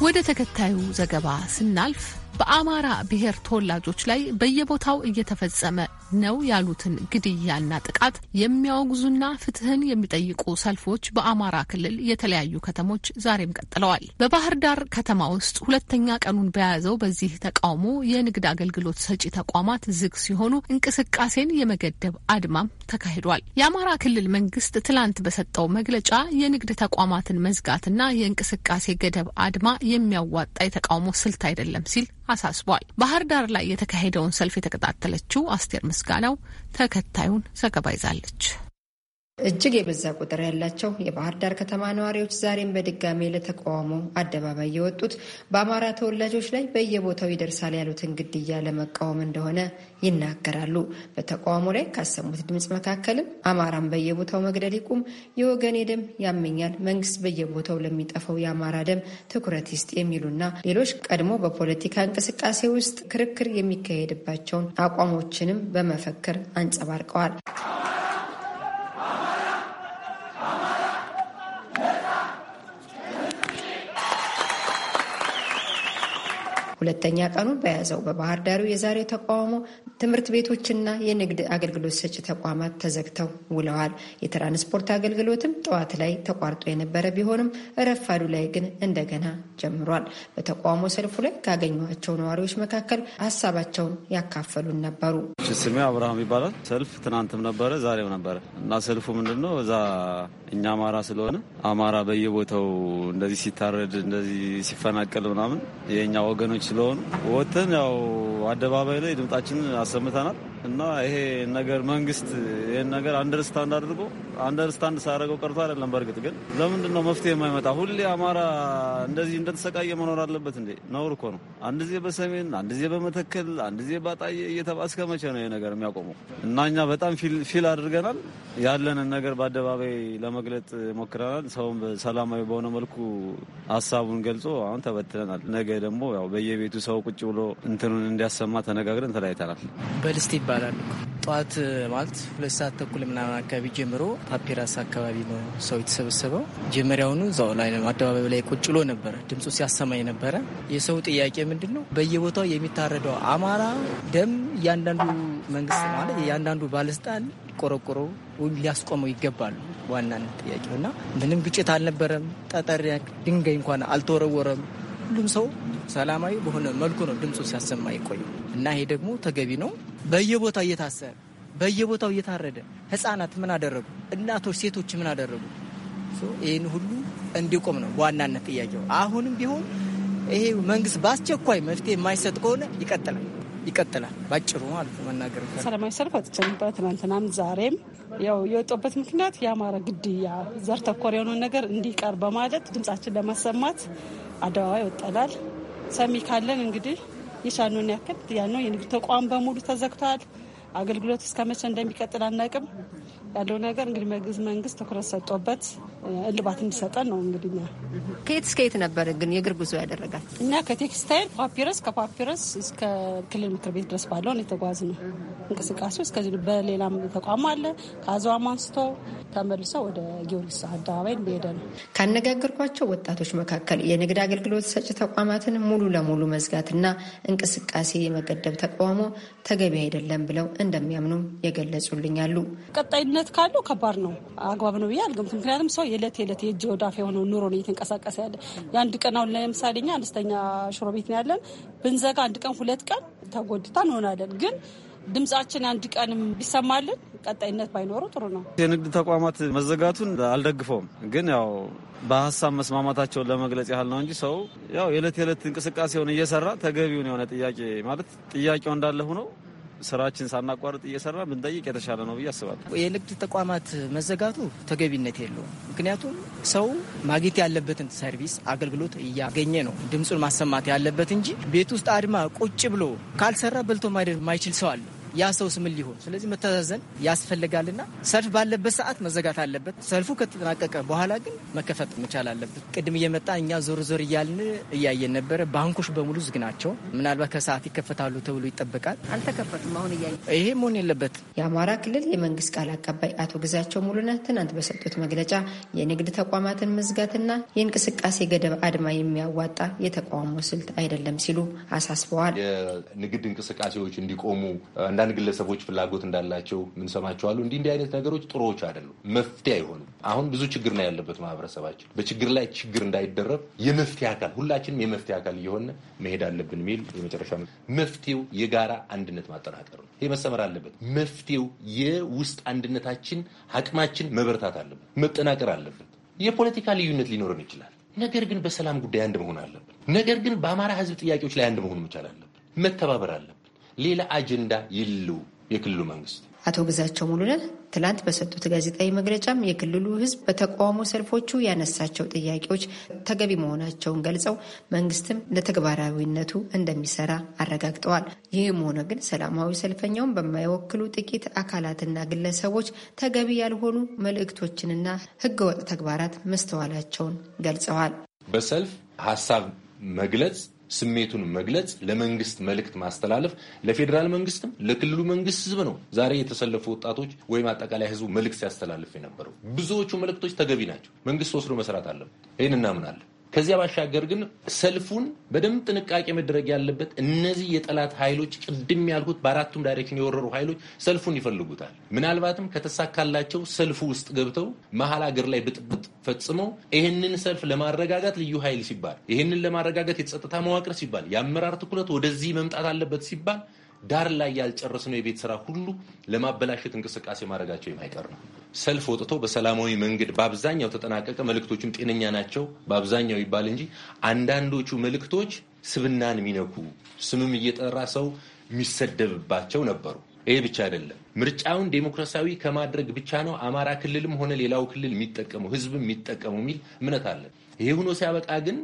ወደ ተከታዩ ዘገባ ስናልፍ በአማራ ብሔር ተወላጆች ላይ በየቦታው እየተፈጸመ ነው ያሉትን ግድያና ጥቃት የሚያወግዙና ፍትህን የሚጠይቁ ሰልፎች በአማራ ክልል የተለያዩ ከተሞች ዛሬም ቀጥለዋል። በባህር ዳር ከተማ ውስጥ ሁለተኛ ቀኑን በያዘው በዚህ ተቃውሞ የንግድ አገልግሎት ሰጪ ተቋማት ዝግ ሲሆኑ እንቅስቃሴን የመገደብ አድማም ተካሂዷል። የአማራ ክልል መንግስት ትላንት በሰጠው መግለጫ የንግድ ተቋማትን መዝጋትና የእንቅስቃሴ ገደብ አድማ የሚያዋጣ የተቃውሞ ስልት አይደለም ሲል አሳስቧል። ባህር ዳር ላይ የተካሄደውን ሰልፍ የተከታተለችው አስቴር ምስጋናው ተከታዩን ዘገባ ይዛለች። እጅግ የበዛ ቁጥር ያላቸው የባህር ዳር ከተማ ነዋሪዎች ዛሬም በድጋሜ ለተቃውሞ አደባባይ የወጡት በአማራ ተወላጆች ላይ በየቦታው ይደርሳል ያሉትን ግድያ ለመቃወም እንደሆነ ይናገራሉ። በተቃውሞ ላይ ካሰሙት ድምፅ መካከልም አማራን በየቦታው መግደል ይቁም፣ የወገኔ ደም ያመኛል፣ መንግስት በየቦታው ለሚጠፋው የአማራ ደም ትኩረት ይስጥ የሚሉና ሌሎች ቀድሞ በፖለቲካ እንቅስቃሴ ውስጥ ክርክር የሚካሄድባቸውን አቋሞችንም በመፈክር አንጸባርቀዋል። ሁለተኛ ቀኑን በያዘው በባህር ዳሩ የዛሬ ተቃውሞ ትምህርት ቤቶችና የንግድ አገልግሎት ሰጪ ተቋማት ተዘግተው ውለዋል። የትራንስፖርት አገልግሎትም ጠዋት ላይ ተቋርጦ የነበረ ቢሆንም ረፋዱ ላይ ግን እንደገና ጀምሯል። በተቃውሞ ሰልፉ ላይ ካገኟቸው ነዋሪዎች መካከል ሀሳባቸውን ያካፈሉን ነበሩ። ስሜ አብርሃም ይባላል። ሰልፍ ትናንትም ነበረ፣ ዛሬም ነበረ እና ሰልፉ ምንድን ነው እዛ እኛ አማራ ስለሆነ አማራ በየቦታው እንደዚህ ሲታረድ እንደዚህ ሲፈናቀል ምናምን የእኛ ወገኖች ስለሆኑ ወጥተን ያው አደባባይ ላይ ድምጣችንን አሰምተናል። እና ይሄ ነገር መንግስት ይህን ነገር አንደርስታንድ አድርጎ አንደርስታንድ ሳያደርገው ቀርቶ አይደለም። በእርግጥ ግን ለምንድን ነው መፍትሄ የማይመጣ? ሁሌ አማራ እንደዚህ እንደተሰቃየ መኖር አለበት እንዴ? ነውር እኮ ነው። አንድ ዜ በሰሜን አንድ ዜ በመተከል አንድ ዜ ባጣዬ እየተባለ እስከ መቼ ነው ይሄ ነገር የሚያቆመው? እና እኛ በጣም ፊል አድርገናል። ያለንን ነገር በአደባባይ ለመግለጥ ሞክረናል። ሰውም ሰላማዊ በሆነ መልኩ ሀሳቡን ገልጾ አሁን ተበትለናል። ነገ ደግሞ ያው በየቤቱ ሰው ቁጭ ብሎ እንትኑን እንዲያሰማ ተነጋግረን ተለያይተናል። ይባላል። ጠዋት ማለት ሁለት ሰዓት ተኩል ምናምን አካባቢ ጀምሮ ፓፒራስ አካባቢ ነው ሰው የተሰበሰበው። ጀመሪያውኑ እዛው ላይ አደባባይ ላይ ቁጭ ብሎ ነበረ ድምፁ ሲያሰማኝ ነበረ። የሰው ጥያቄ ምንድን ነው? በየቦታው የሚታረደው አማራ ደም እያንዳንዱ መንግስት ማለት እያንዳንዱ ባለስልጣን ቆረቆሮ ወይም ሊያስቆመው ይገባሉ። ዋናነት ጥያቄው እና ምንም ግጭት አልነበረም። ጠጠር ድንጋይ እንኳን አልተወረወረም። ሁሉም ሰው ሰላማዊ በሆነ መልኩ ነው ድምፁ ሲያሰማ ይቆዩ እና ይሄ ደግሞ ተገቢ ነው። በየቦታው እየታሰረ በየቦታው እየታረደ ህጻናት ምን አደረጉ? እናቶች፣ ሴቶች ምን አደረጉ? ይህን ሁሉ እንዲቆም ነው በዋናነት ጥያቄው። አሁንም ቢሆን ይሄ መንግስት በአስቸኳይ መፍትሄ የማይሰጥ ከሆነ ይቀጥላል ይቀጥላል። ባጭሩ ማለት መናገር ሰላማዊ ሰልፍ አጥቼ ነበር ትናንትናም ዛሬም። ያው የወጣበት ምክንያት የአማራ ግድያ ዘር ተኮር የሆነውን ነገር እንዲቀር በማለት ድምጻችን ለማሰማት አደባባይ ወጠናል። ሰሚ ካለን እንግዲህ የሻኑን ያክል ያ ነው። የንግድ ተቋም በሙሉ ተዘግቷል። አገልግሎት እስከመቼ እንደሚቀጥል አናቅም። ያለው ነገር እንግዲህ መንግስት ትኩረት ሰጥቶበት እልባት እንዲሰጠን ነው። እንግዲህ እኛ ከየት እስከ የት ነበር ግን የእግር ጉዞ ያደረጋል? እኛ ከቴክስታይል ፓፒረስ፣ ከፓፒረስ እስከ ክልል ምክር ቤት ድረስ ባለውን የተጓዝ ነው እንቅስቃሴ እስከዚህ። በሌላም ተቋም አለ። ከአዘዋም አንስቶ ተመልሶ ወደ ጊዮርጊስ አደባባይ እንደሄደ ነው። ካነጋገርኳቸው ወጣቶች መካከል የንግድ አገልግሎት ሰጪ ተቋማትን ሙሉ ለሙሉ መዝጋትና እንቅስቃሴ የመገደብ ተቃውሞ ተገቢ አይደለም ብለው እንደሚያምኑ የገለጹልኛሉ። ቀጣይነት እምነት ካለው ከባድ ነው፣ አግባብ ነው ብዬ አልገምት። ምክንያቱም ሰው የዕለት የዕለት የእጅ ወዳፍ የሆነው ኑሮ ነው እየተንቀሳቀሰ ያለ። የአንድ ቀን አሁን ለምሳሌ እኛ አነስተኛ ሽሮ ቤት ነው ያለን። ብንዘጋ አንድ ቀን ሁለት ቀን ተጎድታ እንሆናለን ግን ድምጻችን አንድ ቀንም ቢሰማልን ቀጣይነት ባይኖሩ ጥሩ ነው። የንግድ ተቋማት መዘጋቱን አልደግፈውም፣ ግን ያው በሀሳብ መስማማታቸውን ለመግለጽ ያህል ነው እንጂ ሰው ያው የዕለት የዕለት እንቅስቃሴውን እየሰራ ተገቢውን የሆነ ጥያቄ ማለት ጥያቄው እንዳለ ሆኖ ስራችን ሳናቋርጥ እየሰራ ብንጠይቅ የተሻለ ነው ብዬ አስባለሁ። የንግድ ተቋማት መዘጋቱ ተገቢነት የለውም። ምክንያቱም ሰው ማግኘት ያለበትን ሰርቪስ አገልግሎት እያገኘ ነው ድምፁን ማሰማት ያለበት እንጂ ቤት ውስጥ አድማ ቁጭ ብሎ ካልሰራ በልቶ ማደር የማይችል ሰው አለ። ያ ሰው ስምን ሊሆን ስለዚህ መተዛዘን ያስፈልጋልና ሰልፍ ባለበት ሰዓት መዘጋት አለበት። ሰልፉ ከተጠናቀቀ በኋላ ግን መከፈት መቻል አለበት። ቅድም እየመጣ እኛ ዞር ዞር እያልን እያየን ነበረ። ባንኮች በሙሉ ዝግ ናቸው። ምናልባት ከሰዓት ይከፈታሉ ተብሎ ይጠበቃል። አልተከፈቱም። አሁን እያ ይሄ መሆን የለበትም። የአማራ ክልል የመንግስት ቃል አቀባይ አቶ ግዛቸው ሙሉነህ ትናንት በሰጡት መግለጫ የንግድ ተቋማትን መዝጋትና የእንቅስቃሴ ገደብ አድማ የሚያዋጣ የተቃውሞ ስልት አይደለም ሲሉ አሳስበዋል። የንግድ እንቅስቃሴዎች እንዲቆሙ አንዳንድ ግለሰቦች ፍላጎት እንዳላቸው ምንሰማቸው አሉ። እንዲህ እንዲህ አይነት ነገሮች ጥሩዎች አይደሉም፣ መፍትሄ አይሆኑም። አሁን ብዙ ችግር ነው ያለበት ማህበረሰባችን። በችግር ላይ ችግር እንዳይደረብ የመፍትሄ አካል ሁላችንም የመፍትሄ አካል እየሆነ መሄድ አለብን የሚል የመጨረሻ መፍትሄው የጋራ አንድነት ማጠናከር ነው። ይህ መሰመር አለበት። መፍትሄው የውስጥ አንድነታችን አቅማችን መበረታት አለብን፣ መጠናቀር አለብን። የፖለቲካ ልዩነት ሊኖረን ይችላል። ነገር ግን በሰላም ጉዳይ አንድ መሆን አለብን። ነገር ግን በአማራ ህዝብ ጥያቄዎች ላይ አንድ መሆን መቻል አለብን። መተባበር አለብን። ሌላ አጀንዳ የለው የክልሉ መንግስት። አቶ ግዛቸው ሙሉነህ ትላንት በሰጡት ጋዜጣዊ መግለጫም የክልሉ ሕዝብ በተቃውሞ ሰልፎቹ ያነሳቸው ጥያቄዎች ተገቢ መሆናቸውን ገልጸው መንግስትም ለተግባራዊነቱ እንደሚሰራ አረጋግጠዋል። ይህም ሆነ ግን ሰላማዊ ሰልፈኛውን በማይወክሉ ጥቂት አካላትና ግለሰቦች ተገቢ ያልሆኑ መልእክቶችንና ሕገወጥ ተግባራት መስተዋላቸውን ገልጸዋል። በሰልፍ ሀሳብ መግለጽ ስሜቱን መግለጽ፣ ለመንግስት መልእክት ማስተላለፍ፣ ለፌዴራል መንግስትም ለክልሉ መንግስት ህዝብ ነው። ዛሬ የተሰለፉ ወጣቶች ወይም አጠቃላይ ህዝቡ መልእክት ሲያስተላልፍ የነበረው ብዙዎቹ መልእክቶች ተገቢ ናቸው። መንግስት ወስዶ መስራት አለበት። ይህን እናምናለን። ከዚያ ባሻገር ግን ሰልፉን በደንብ ጥንቃቄ መደረግ ያለበት እነዚህ የጠላት ኃይሎች ቅድም ያልኩት በአራቱም ዳይሬክሽን የወረሩ ኃይሎች ሰልፉን ይፈልጉታል። ምናልባትም ከተሳካላቸው ሰልፉ ውስጥ ገብተው መሀል ሀገር ላይ ብጥብጥ ፈጽመው ይህንን ሰልፍ ለማረጋጋት ልዩ ኃይል ሲባል፣ ይህንን ለማረጋጋት የጸጥታ መዋቅር ሲባል፣ የአመራር ትኩረት ወደዚህ መምጣት አለበት ሲባል ዳር ላይ ያልጨረስነው የቤት ስራ ሁሉ ለማበላሸት እንቅስቃሴ ማድረጋቸው የማይቀር ነው። ሰልፍ ወጥቶ በሰላማዊ መንገድ በአብዛኛው ተጠናቀቀ። መልእክቶቹም ጤነኛ ናቸው በአብዛኛው ይባል እንጂ አንዳንዶቹ መልእክቶች ስብናን የሚነኩ ስምም እየጠራ ሰው የሚሰደብባቸው ነበሩ። ይሄ ብቻ አይደለም። ምርጫውን ዴሞክራሲያዊ ከማድረግ ብቻ ነው አማራ ክልልም ሆነ ሌላው ክልል የሚጠቀመው ህዝብ የሚጠቀመው የሚል እምነት አለን። ይሄ ሆኖ ሲያበቃ ግን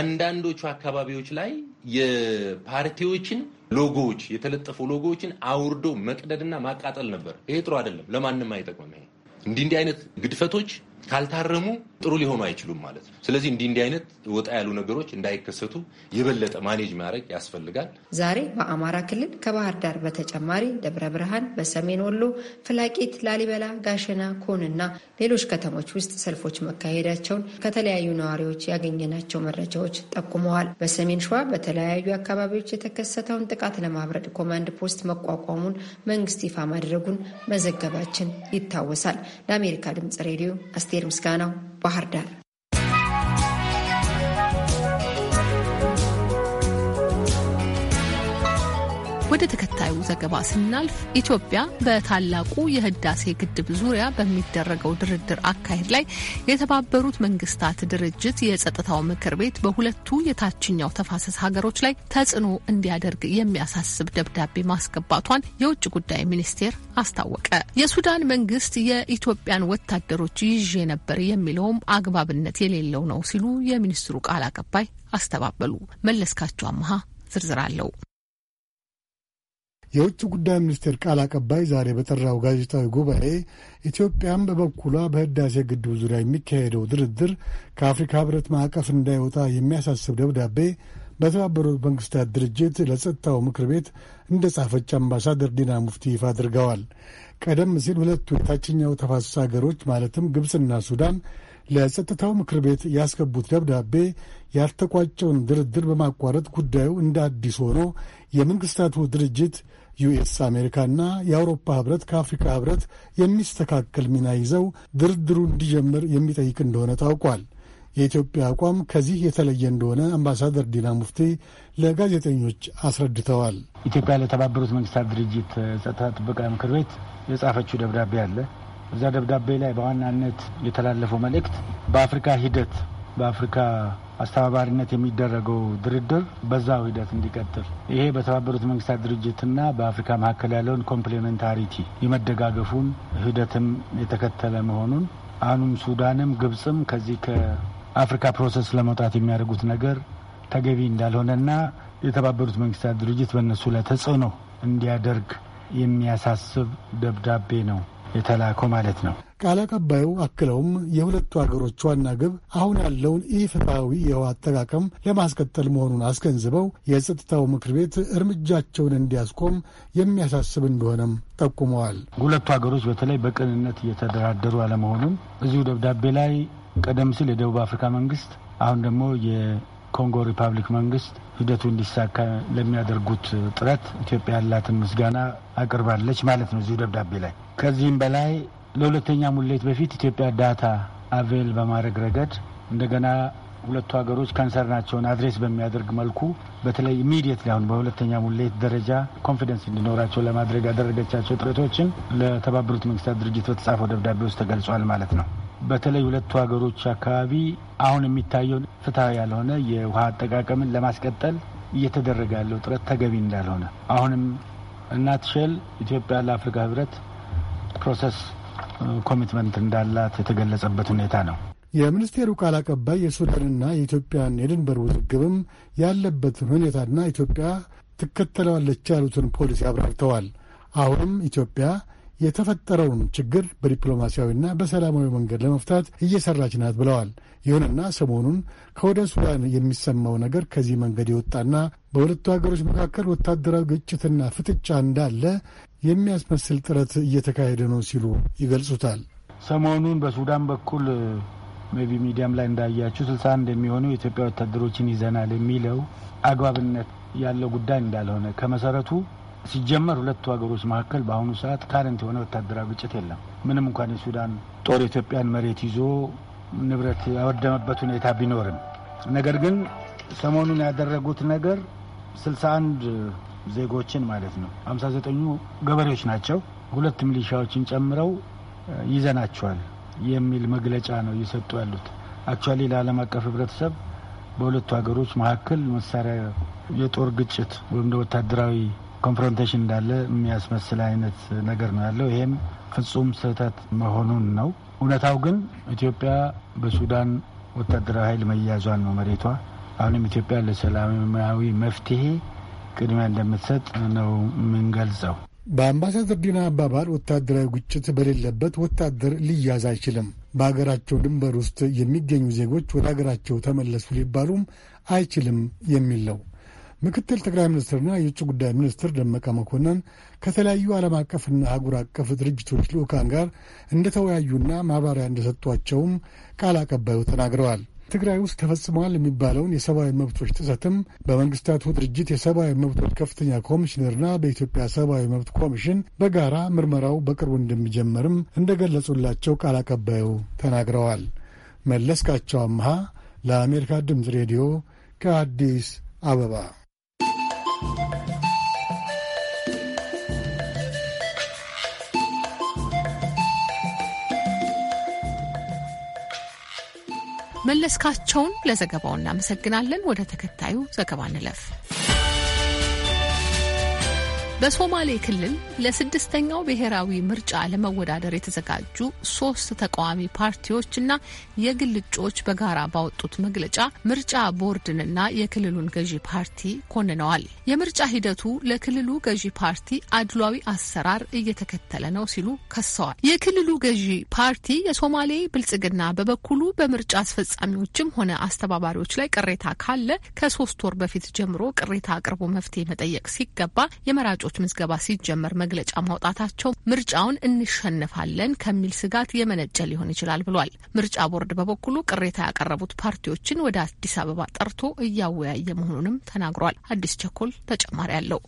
አንዳንዶቹ አካባቢዎች ላይ የፓርቲዎችን ሎጎዎች የተለጠፉ ሎጎዎችን አውርዶ መቅደድና ማቃጠል ነበር። ይሄ ጥሩ አይደለም፣ ለማንም አይጠቅምም። ይሄ እንዲህ እንዲህ አይነት ግድፈቶች ካልታረሙ ጥሩ ሊሆኑ አይችሉም ማለት ነው። ስለዚህ እንዲህ እንዲህ አይነት ወጣ ያሉ ነገሮች እንዳይከሰቱ የበለጠ ማኔጅ ማድረግ ያስፈልጋል። ዛሬ በአማራ ክልል ከባህር ዳር በተጨማሪ ደብረ ብርሃን፣ በሰሜን ወሎ ፍላቂት፣ ላሊበላ፣ ጋሸና፣ ኮን እና ሌሎች ከተሞች ውስጥ ሰልፎች መካሄዳቸውን ከተለያዩ ነዋሪዎች ያገኘናቸው መረጃዎች ጠቁመዋል። በሰሜን ሸዋ በተለያዩ አካባቢዎች የተከሰተውን ጥቃት ለማብረድ ኮማንድ ፖስት መቋቋሙን መንግስት ይፋ ማድረጉን መዘገባችን ይታወሳል። ለአሜሪካ ድምጽ ሬዲዮ አስቴር ምስጋናው ባህር ዳር ወደ ተከታዩ ዘገባ ስናልፍ ኢትዮጵያ በታላቁ የህዳሴ ግድብ ዙሪያ በሚደረገው ድርድር አካሄድ ላይ የተባበሩት መንግስታት ድርጅት የጸጥታው ምክር ቤት በሁለቱ የታችኛው ተፋሰስ ሀገሮች ላይ ተጽዕኖ እንዲያደርግ የሚያሳስብ ደብዳቤ ማስገባቷን የውጭ ጉዳይ ሚኒስቴር አስታወቀ። የሱዳን መንግስት የኢትዮጵያን ወታደሮች ይዤ ነበር የሚለውም አግባብነት የሌለው ነው ሲሉ የሚኒስትሩ ቃል አቀባይ አስተባበሉ። መለስካቸው አመሃ ዝርዝር አለው። የውጭ ጉዳይ ሚኒስቴር ቃል አቀባይ ዛሬ በጠራው ጋዜጣዊ ጉባኤ ኢትዮጵያም በበኩሏ በህዳሴ ግድቡ ዙሪያ የሚካሄደው ድርድር ከአፍሪካ ህብረት ማዕቀፍ እንዳይወጣ የሚያሳስብ ደብዳቤ በተባበሩት መንግስታት ድርጅት ለጸጥታው ምክር ቤት እንደ ጻፈች አምባሳደር ዲና ሙፍቲ ይፋ አድርገዋል። ቀደም ሲል ሁለቱ የታችኛው ተፋሰስ ሀገሮች ማለትም ግብፅና ሱዳን ለጸጥታው ምክር ቤት ያስገቡት ደብዳቤ ያልተቋጨውን ድርድር በማቋረጥ ጉዳዩ እንደ አዲስ ሆኖ የመንግስታቱ ድርጅት ዩኤስ አሜሪካና የአውሮፓ ህብረት ከአፍሪካ ህብረት የሚስተካከል ሚና ይዘው ድርድሩ እንዲጀምር የሚጠይቅ እንደሆነ ታውቋል። የኢትዮጵያ አቋም ከዚህ የተለየ እንደሆነ አምባሳደር ዲና ሙፍቲ ለጋዜጠኞች አስረድተዋል። ኢትዮጵያ ለተባበሩት መንግስታት ድርጅት ጸጥታ ጥበቃ ምክር ቤት የጻፈችው ደብዳቤ አለ። እዛ ደብዳቤ ላይ በዋናነት የተላለፈው መልእክት በአፍሪካ ሂደት በአፍሪካ አስተባባሪነት የሚደረገው ድርድር በዛው ሂደት እንዲቀጥል ይሄ በተባበሩት መንግስታት ድርጅትና በአፍሪካ መካከል ያለውን ኮምፕሌመንታሪቲ የመደጋገፉን ሂደትም የተከተለ መሆኑን አሁኑም ሱዳንም ግብጽም ከዚህ ከአፍሪካ ፕሮሰስ ለመውጣት የሚያደርጉት ነገር ተገቢ እንዳልሆነና የተባበሩት መንግስታት ድርጅት በእነሱ ላይ ተጽዕኖ እንዲያደርግ የሚያሳስብ ደብዳቤ ነው የተላከው ማለት ነው። ቃል አቀባዩ አክለውም የሁለቱ አገሮች ዋና ግብ አሁን ያለውን ኢፍትሐዊ የውሃ አጠቃቀም ለማስቀጠል መሆኑን አስገንዝበው የጸጥታው ምክር ቤት እርምጃቸውን እንዲያስቆም የሚያሳስብ እንደሆነም ጠቁመዋል። ሁለቱ አገሮች በተለይ በቅንነት እየተደራደሩ አለመሆኑን እዚሁ ደብዳቤ ላይ ቀደም ሲል የደቡብ አፍሪካ መንግስት፣ አሁን ደግሞ የኮንጎ ሪፐብሊክ መንግስት ሂደቱ እንዲሳካ ለሚያደርጉት ጥረት ኢትዮጵያ ያላትን ምስጋና አቅርባለች ማለት ነው እዚሁ ደብዳቤ ላይ ከዚህም በላይ ለሁለተኛ ሙሌት በፊት ኢትዮጵያ ዳታ አቬል በማድረግ ረገድ እንደገና ሁለቱ ሀገሮች ካንሰርናቸውን ናቸውን አድሬስ በሚያደርግ መልኩ በተለይ ኢሚዲየት ሊሁን በሁለተኛ ሙሌት ደረጃ ኮንፊደንስ እንዲኖራቸው ለማድረግ ያደረገቻቸው ጥረቶችን ለተባበሩት መንግስታት ድርጅት በተጻፈው ደብዳቤ ውስጥ ተገልጿል ማለት ነው። በተለይ ሁለቱ ሀገሮች አካባቢ አሁን የሚታየውን ፍትሐዊ ያልሆነ የውሃ አጠቃቀምን ለማስቀጠል እየተደረገ ያለው ጥረት ተገቢ እንዳልሆነ አሁንም እናትሸል ኢትዮጵያ ለአፍሪካ ህብረት ፕሮሰስ ኮሚትመንት እንዳላት የተገለጸበት ሁኔታ ነው። የሚኒስቴሩ ቃል አቀባይ የሱዳንና የኢትዮጵያን የድንበር ውዝግብም ያለበት ሁኔታና ኢትዮጵያ ትከተለዋለች ያሉትን ፖሊሲ አብራርተዋል። አሁንም ኢትዮጵያ የተፈጠረውን ችግር በዲፕሎማሲያዊና በሰላማዊ መንገድ ለመፍታት እየሰራች ናት ብለዋል። ይሁንና ሰሞኑን ከወደ ሱዳን የሚሰማው ነገር ከዚህ መንገድ የወጣና በሁለቱ ሀገሮች መካከል ወታደራዊ ግጭትና ፍጥጫ እንዳለ የሚያስመስል ጥረት እየተካሄደ ነው ሲሉ ይገልጹታል። ሰሞኑን በሱዳን በኩል ሜቢ ሚዲያም ላይ እንዳያችሁ ስልሳ አንድ የሚሆኑ የኢትዮጵያ ወታደሮችን ይዘናል የሚለው አግባብነት ያለው ጉዳይ እንዳልሆነ ከመሰረቱ ሲጀመር ሁለቱ ሀገሮች መካከል በአሁኑ ሰዓት ካረንት የሆነ ወታደራዊ ግጭት የለም። ምንም እንኳን የሱዳን ጦር የኢትዮጵያን መሬት ይዞ ንብረት ያወደመበት ሁኔታ ቢኖርም ነገር ግን ሰሞኑን ያደረጉት ነገር 61 ዜጎችን ማለት ነው። 59ኙ ገበሬዎች ናቸው። ሁለት ሚሊሻዎችን ጨምረው ይዘናቸዋል የሚል መግለጫ ነው እየሰጡ ያሉት። አክቹዋሊ ለዓለም አቀፍ ህብረተሰብ በሁለቱ ሀገሮች መካከል መሳሪያ የጦር ግጭት ወይም ወታደራዊ ኮንፍሮንቴሽን እንዳለ የሚያስመስል አይነት ነገር ነው ያለው። ይሄም ፍጹም ስህተት መሆኑን ነው። እውነታው ግን ኢትዮጵያ በሱዳን ወታደራዊ ኃይል መያዟን ነው መሬቷ አሁንም ኢትዮጵያ ለሰላማዊ መፍትሄ ቅድሚያ እንደምትሰጥ ነው የምንገልጸው። በአምባሳደር ዲና አባባል ወታደራዊ ግጭት በሌለበት ወታደር ሊያዝ አይችልም። በሀገራቸው ድንበር ውስጥ የሚገኙ ዜጎች ወደ ሀገራቸው ተመለሱ ሊባሉም አይችልም የሚል ነው። ምክትል ጠቅላይ ሚኒስትርና የውጭ ጉዳይ ሚኒስትር ደመቀ መኮንን ከተለያዩ ዓለም አቀፍና አህጉር አቀፍ ድርጅቶች ልዑካን ጋር እንደተወያዩና ማብራሪያ እንደሰጧቸውም ቃል አቀባዩ ተናግረዋል። ትግራይ ውስጥ ተፈጽሟል የሚባለውን የሰብአዊ መብቶች ጥሰትም በመንግስታቱ ድርጅት የሰብአዊ መብቶች ከፍተኛ ኮሚሽነርና በኢትዮጵያ ሰብአዊ መብት ኮሚሽን በጋራ ምርመራው በቅርቡ እንደሚጀመርም እንደገለጹላቸው ቃል አቀባዩ ተናግረዋል። መለስካቸው አምሃ ለአሜሪካ ድምፅ ሬዲዮ ከአዲስ አበባ መለስካቸውን ለዘገባው እናመሰግናለን። ወደ ተከታዩ ዘገባ እንለፍ። በሶማሌ ክልል ለስድስተኛው ብሔራዊ ምርጫ ለመወዳደር የተዘጋጁ ሶስት ተቃዋሚ ፓርቲዎችና የግል እጩዎች በጋራ ባወጡት መግለጫ ምርጫ ቦርድንና የክልሉን ገዢ ፓርቲ ኮንነዋል። የምርጫ ሂደቱ ለክልሉ ገዢ ፓርቲ አድሏዊ አሰራር እየተከተለ ነው ሲሉ ከሰዋል። የክልሉ ገዢ ፓርቲ የሶማሌ ብልጽግና በበኩሉ በምርጫ አስፈጻሚዎችም ሆነ አስተባባሪዎች ላይ ቅሬታ ካለ ከሶስት ወር በፊት ጀምሮ ቅሬታ አቅርቦ መፍትሄ መጠየቅ ሲገባ የመራጮ የእጩዎች ምዝገባ ሲጀመር መግለጫ ማውጣታቸው ምርጫውን እንሸነፋለን ከሚል ስጋት የመነጨ ሊሆን ይችላል ብሏል። ምርጫ ቦርድ በበኩሉ ቅሬታ ያቀረቡት ፓርቲዎችን ወደ አዲስ አበባ ጠርቶ እያወያየ መሆኑንም ተናግሯል። አዲስ ቸኮል ተጨማሪ አለው።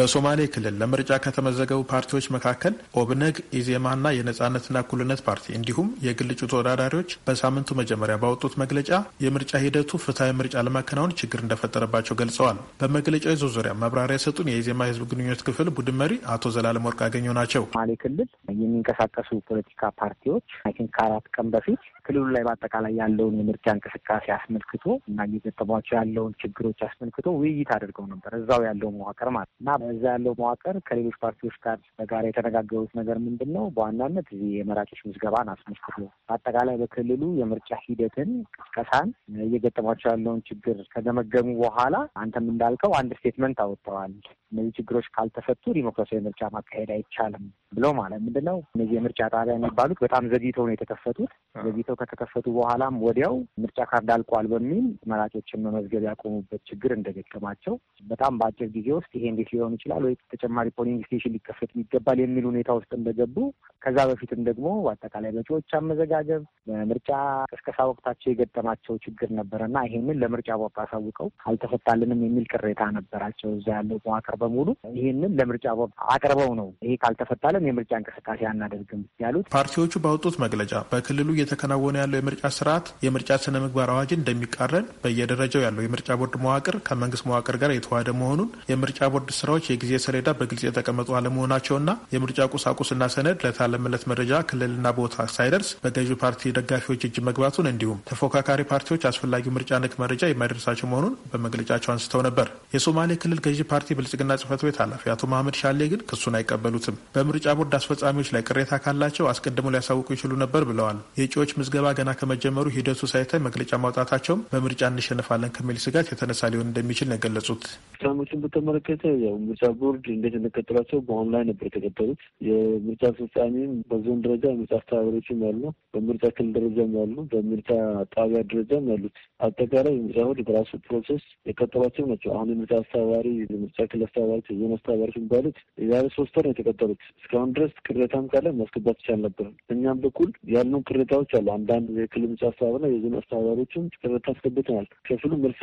በሶማሌ ክልል ለምርጫ ከተመዘገቡ ፓርቲዎች መካከል ኦብነግ፣ ኢዜማና የነጻነትና እኩልነት ፓርቲ እንዲሁም የግል እጩ ተወዳዳሪዎች በሳምንቱ መጀመሪያ ባወጡት መግለጫ የምርጫ ሂደቱ ፍትሐዊ ምርጫ ለማከናወን ችግር እንደፈጠረባቸው ገልጸዋል። በመግለጫው ይዞ ዙሪያ መብራሪያ የሰጡን የኢዜማ ህዝብ ግንኙነት ክፍል ቡድን መሪ አቶ ዘላለም ወርቅ አገኘው ናቸው። ሶማሌ ክልል የሚንቀሳቀሱ ፖለቲካ ፓርቲዎች አይ ቲንክ ከአራት ቀን በፊት ክልሉ ላይ በአጠቃላይ ያለውን የምርጫ እንቅስቃሴ አስመልክቶ እና እየገጠሟቸው ያለውን ችግሮች አስመልክቶ ውይይት አድርገው ነበር። እዛው ያለው መዋቅር ማለት እና በዛ ያለው መዋቅር ከሌሎች ፓርቲዎች ጋር በጋራ የተነጋገሩት ነገር ምንድን ነው? በዋናነት እዚህ የመራጮች ምዝገባን አስመልክቶ በአጠቃላይ በክልሉ የምርጫ ሂደትን፣ ቅስቀሳን፣ እየገጠሟቸው ያለውን ችግር ከገመገሙ በኋላ አንተም እንዳልከው አንድ ስቴትመንት አወጥተዋል። እነዚህ ችግሮች ካልተፈቱ ዲሞክራሲያዊ ምርጫ ማካሄድ አይቻልም ብለው ማለት ምንድነው እነዚህ የምርጫ ጣቢያ የሚባሉት በጣም ዘግይተው ነው የተከፈቱት ዘግይተው ተመልሰው ከተከፈቱ በኋላም ወዲያው ምርጫ ካርድ አልቋል በሚል መራጮችን መመዝገብ ያቆሙበት ችግር እንደገጠማቸው በጣም በአጭር ጊዜ ውስጥ ይሄ እንዴት ሊሆን ይችላል ወይ ተጨማሪ ፖሊንግ ስቴሽን ሊከፈት ይገባል የሚል ሁኔታ ውስጥ እንደገቡ ከዛ በፊትም ደግሞ በአጠቃላይ በእጩዎች አመዘጋገብ በምርጫ ቅስቀሳ ወቅታቸው የገጠማቸው ችግር ነበረና ይሄንን ለምርጫ ቦርድ አሳውቀው አልተፈታልንም የሚል ቅሬታ ነበራቸው። እዛ ያለው መዋቅር በሙሉ ይህንን ለምርጫ ቦርድ አቅርበው ነው ይሄ ካልተፈታልን የምርጫ እንቅስቃሴ አናደርግም ያሉት። ፓርቲዎቹ ባወጡት መግለጫ በክልሉ እየተከናወ እየተከናወነ ያለው የምርጫ ስርዓት የምርጫ ስነ ምግባር አዋጅ እንደሚቃረን በየደረጃው ያለው የምርጫ ቦርድ መዋቅር ከመንግስት መዋቅር ጋር የተዋደ መሆኑን የምርጫ ቦርድ ስራዎች የጊዜ ሰሌዳ በግልጽ የተቀመጡ አለመሆናቸውና የምርጫ ቁሳቁስና ሰነድ ለታለመለት መረጃ ክልልና ቦታ ሳይደርስ በገዢ ፓርቲ ደጋፊዎች እጅ መግባቱን እንዲሁም ተፎካካሪ ፓርቲዎች አስፈላጊው ምርጫ ነክ መረጃ የማይደርሳቸው መሆኑን በመግለጫቸው አንስተው ነበር። የሶማሌ ክልል ገዢ ፓርቲ ብልጽግና ጽህፈት ቤት ኃላፊ አቶ መሀመድ ሻሌ ግን ክሱን አይቀበሉትም። በምርጫ ቦርድ አስፈጻሚዎች ላይ ቅሬታ ካላቸው አስቀድሞ ሊያሳውቁ ይችሉ ነበር ብለዋል። የእጩዎች ምዝገባ ገና ከመጀመሩ ሂደቱ ሳይታይ መግለጫ ማውጣታቸውም በምርጫ እንሸንፋለን ከሚል ስጋት የተነሳ ሊሆን እንደሚችል ነው የገለጹት። ሳሞችን በተመለከተ ያው ምርጫ ቦርድ እንዴት እንደቀጠላቸው በኦንላይን ነበር የተቀጠሉት። የምርጫ አስፈጻሚም በዞን ደረጃ የምርጫ አስተባባሪዎችም ያሉ፣ በምርጫ ክልል ደረጃም ያሉ፣ በምርጫ ጣቢያ ደረጃም ያሉት አጠቃላይ የምርጫ ቦርድ በራሱ ፕሮሴስ የቀጠሏቸው ናቸው። አሁን የምርጫ አስተባባሪ የምርጫ ክልል አስተባባሪ የዞን አስተባባሪ የሚባሉት ያለ ሶስት ወር ነው የተቀጠሉት። እስካሁን ድረስ ቅሬታም ካለ ማስገባት ይቻል ነበር። እኛም በኩል ያሉን ቅሬታዎች አሉ አንዳንድ የክልል ምጫ አስተባባሪና የዞን አስተባባሪዎችም ቅሬታ አስገብተናል። ከፍሉ መልስ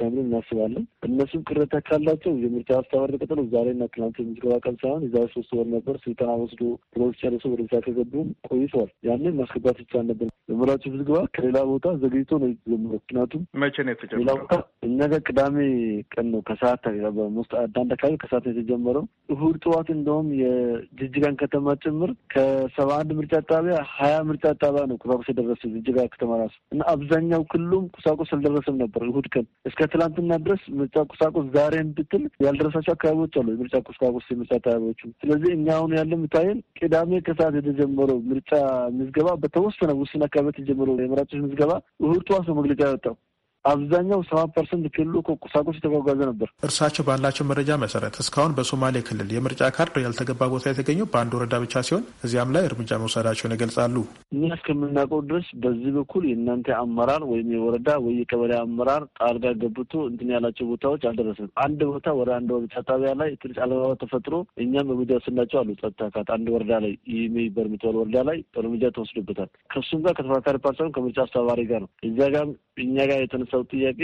ብለን እናስባለን። እነሱም ቅሬታ ካላቸው የምርጫ አስተባባሪ ቀጠሮ ዛሬና ትናንት የምዝገባ ቀን ሳይሆን የዛሬ ሶስት ወር ነበር ስልጠና ወስዶ ፕሮጀክት ጨርሶ ወደዛ ከገቡም ቆይተዋል። ያንን ማስገባት ይቻል ነበር። የምራቹ ምዝገባ ከሌላ ቦታ ዘግይቶ ነው የተጀመረው። ምክንያቱም መቼ ነው የተጀመረው? ሌላ ቦታ እኛ ጋር ቅዳሜ ቀን ነው ከሰዓት ስ አንዳንድ አካባቢ ከሰዓት ነው የተጀመረው። እሁድ ጠዋት እንደውም የጅጅጋን ከተማ ጭምር ከሰባ አንድ ምርጫ ጣቢያ ሀያ ምርጫ ጣቢያ ነው ቁሳቁስ የደረሰ ጅጅጋ ከተማ ራሱ እና አብዛኛው ክልሉም ቁሳቁስ አልደረሰም ነበር። እሁድ ቀን እስከ ትላንትና ድረስ ምርጫ ቁሳቁስ ዛሬ እንድትል ያልደረሳቸው አካባቢዎች አሉ። የምርጫ ቁሳቁስ የምርጫ አካባቢዎቹ። ስለዚህ እኛ አሁን ያለ ምታይን ቅዳሜ ከሰዓት የተጀመረው ምርጫ ምዝገባ በተወሰነ ውስን አካባቢ የተጀመረው የመራጮች ምዝገባ እሁድ ጠዋት ነው መግለጫ ያወጣው። አብዛኛው ሰባ ፐርሰንት ክልሉ ቁሳቁስ የተጓጓዘ ነበር። እርሳቸው ባላቸው መረጃ መሰረት እስካሁን በሶማሌ ክልል የምርጫ ካርድ ያልተገባ ቦታ የተገኘው በአንድ ወረዳ ብቻ ሲሆን እዚያም ላይ እርምጃ መውሰዳቸውን ይገልጻሉ። እኛ እስከምናውቀው ድረስ በዚህ በኩል የእናንተ አመራር ወይም የወረዳ ወይ የቀበሌ አመራር ጣልጋ ገብቶ እንትን ያላቸው ቦታዎች አልደረስም። አንድ ቦታ ወደ አንድ ወረዳ ጣቢያ ላይ ትንሽ አለመግባባት ተፈጥሮ እኛም እርምጃ ወስናቸው አሉ። ጸጥታ አካላት አንድ ወረዳ ላይ የሚበር የምትባል ወረዳ ላይ እርምጃ ተወስዶበታል። ከሱም ጋር ከተፎካካሪ ፓርቲውን ከምርጫ አስተባባሪ ጋር ነው እዚያ ጋር እኛ ጋር የተነሳ ያነሳው ጥያቄ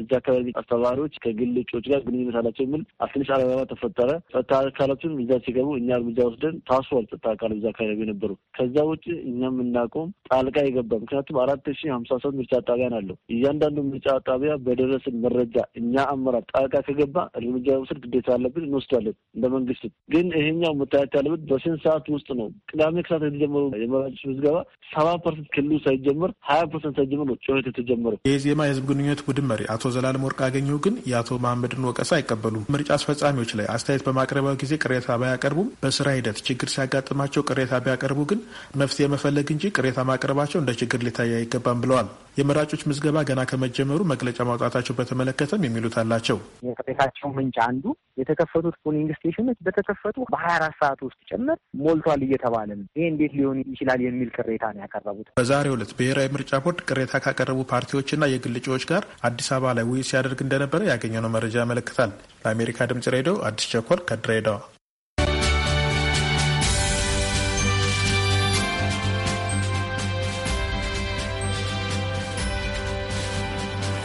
እዛ አካባቢ አስተባባሪዎች ከግል እጩዎች ጋር ግንኙነት አላቸው የሚል ትንሽ አለማማ ተፈጠረ። ጸጥታ አካላቱም እዛ ሲገቡ እኛ እርምጃ ወስደን ታስሯል። ጸጥታ አካል እዛ አካባቢ የነበሩ ከዛ ውጭ እኛ የምናቆም ጣልቃ የገባ ምክንያቱም አራት ሺ ሀምሳ ሰው ምርጫ ጣቢያ አለው። እያንዳንዱ ምርጫ ጣቢያ በደረስን መረጃ እኛ አመራር ጣልቃ ከገባ እርምጃ ውስድ ግዴታ አለብን፣ እንወስዳለን እንደ መንግስት። ግን ይሄኛው መታየት ያለበት በስንት ሰዓት ውስጥ ነው? ቅዳሜ ከሰዓት የተጀመሩ የመራጮች ምዝገባ ሰባ ፐርሰንት ክልሉ ሳይጀምር ሀያ ፐርሰንት ሳይጀምር ነው ጩኸት የተጀመረው። የኢዜማ የህዝብ ግንኙነት ቡድን መሪ አቶ ዘላለም ወርቅ አገኘው ግን የአቶ መሐመድን ወቀሳ አይቀበሉም። ምርጫ አስፈጻሚዎች ላይ አስተያየት በማቅረቢያ ጊዜ ቅሬታ ባያቀርቡም በስራ ሂደት ችግር ሲያጋጥማቸው ቅሬታ ቢያቀርቡ ግን መፍትሄ መፈለግ እንጂ ቅሬታ ማቅረባቸው እንደ ችግር ሊታይ አይገባም ብለዋል። የመራጮች ምዝገባ ገና ከመጀመሩ መግለጫ ማውጣታቸው በተመለከተም የሚሉት አላቸው። የቅሬታቸው ምንጭ አንዱ የተከፈቱት ፖሊንግ ስቴሽኖች በተከፈቱ በሀያ አራት ሰዓት ውስጥ ጭምር ሞልቷል እየተባለ ነው። ይሄ እንዴት ሊሆን ይችላል የሚል ቅሬታ ነው ያቀረቡት። በዛሬው ዕለት ብሔራዊ ምርጫ ቦርድ ቅሬታ ካቀረቡ ፓርቲዎችና የግል እጩዎች ጋር አዲስ አበባ ላይ ውይይት ሲያደርግ እንደነበረ ያገኘነው መረጃ ያመለክታል። ለአሜሪካ ድምጽ ሬዲዮ አዲስ ቸኮል ከድሬዳዋ።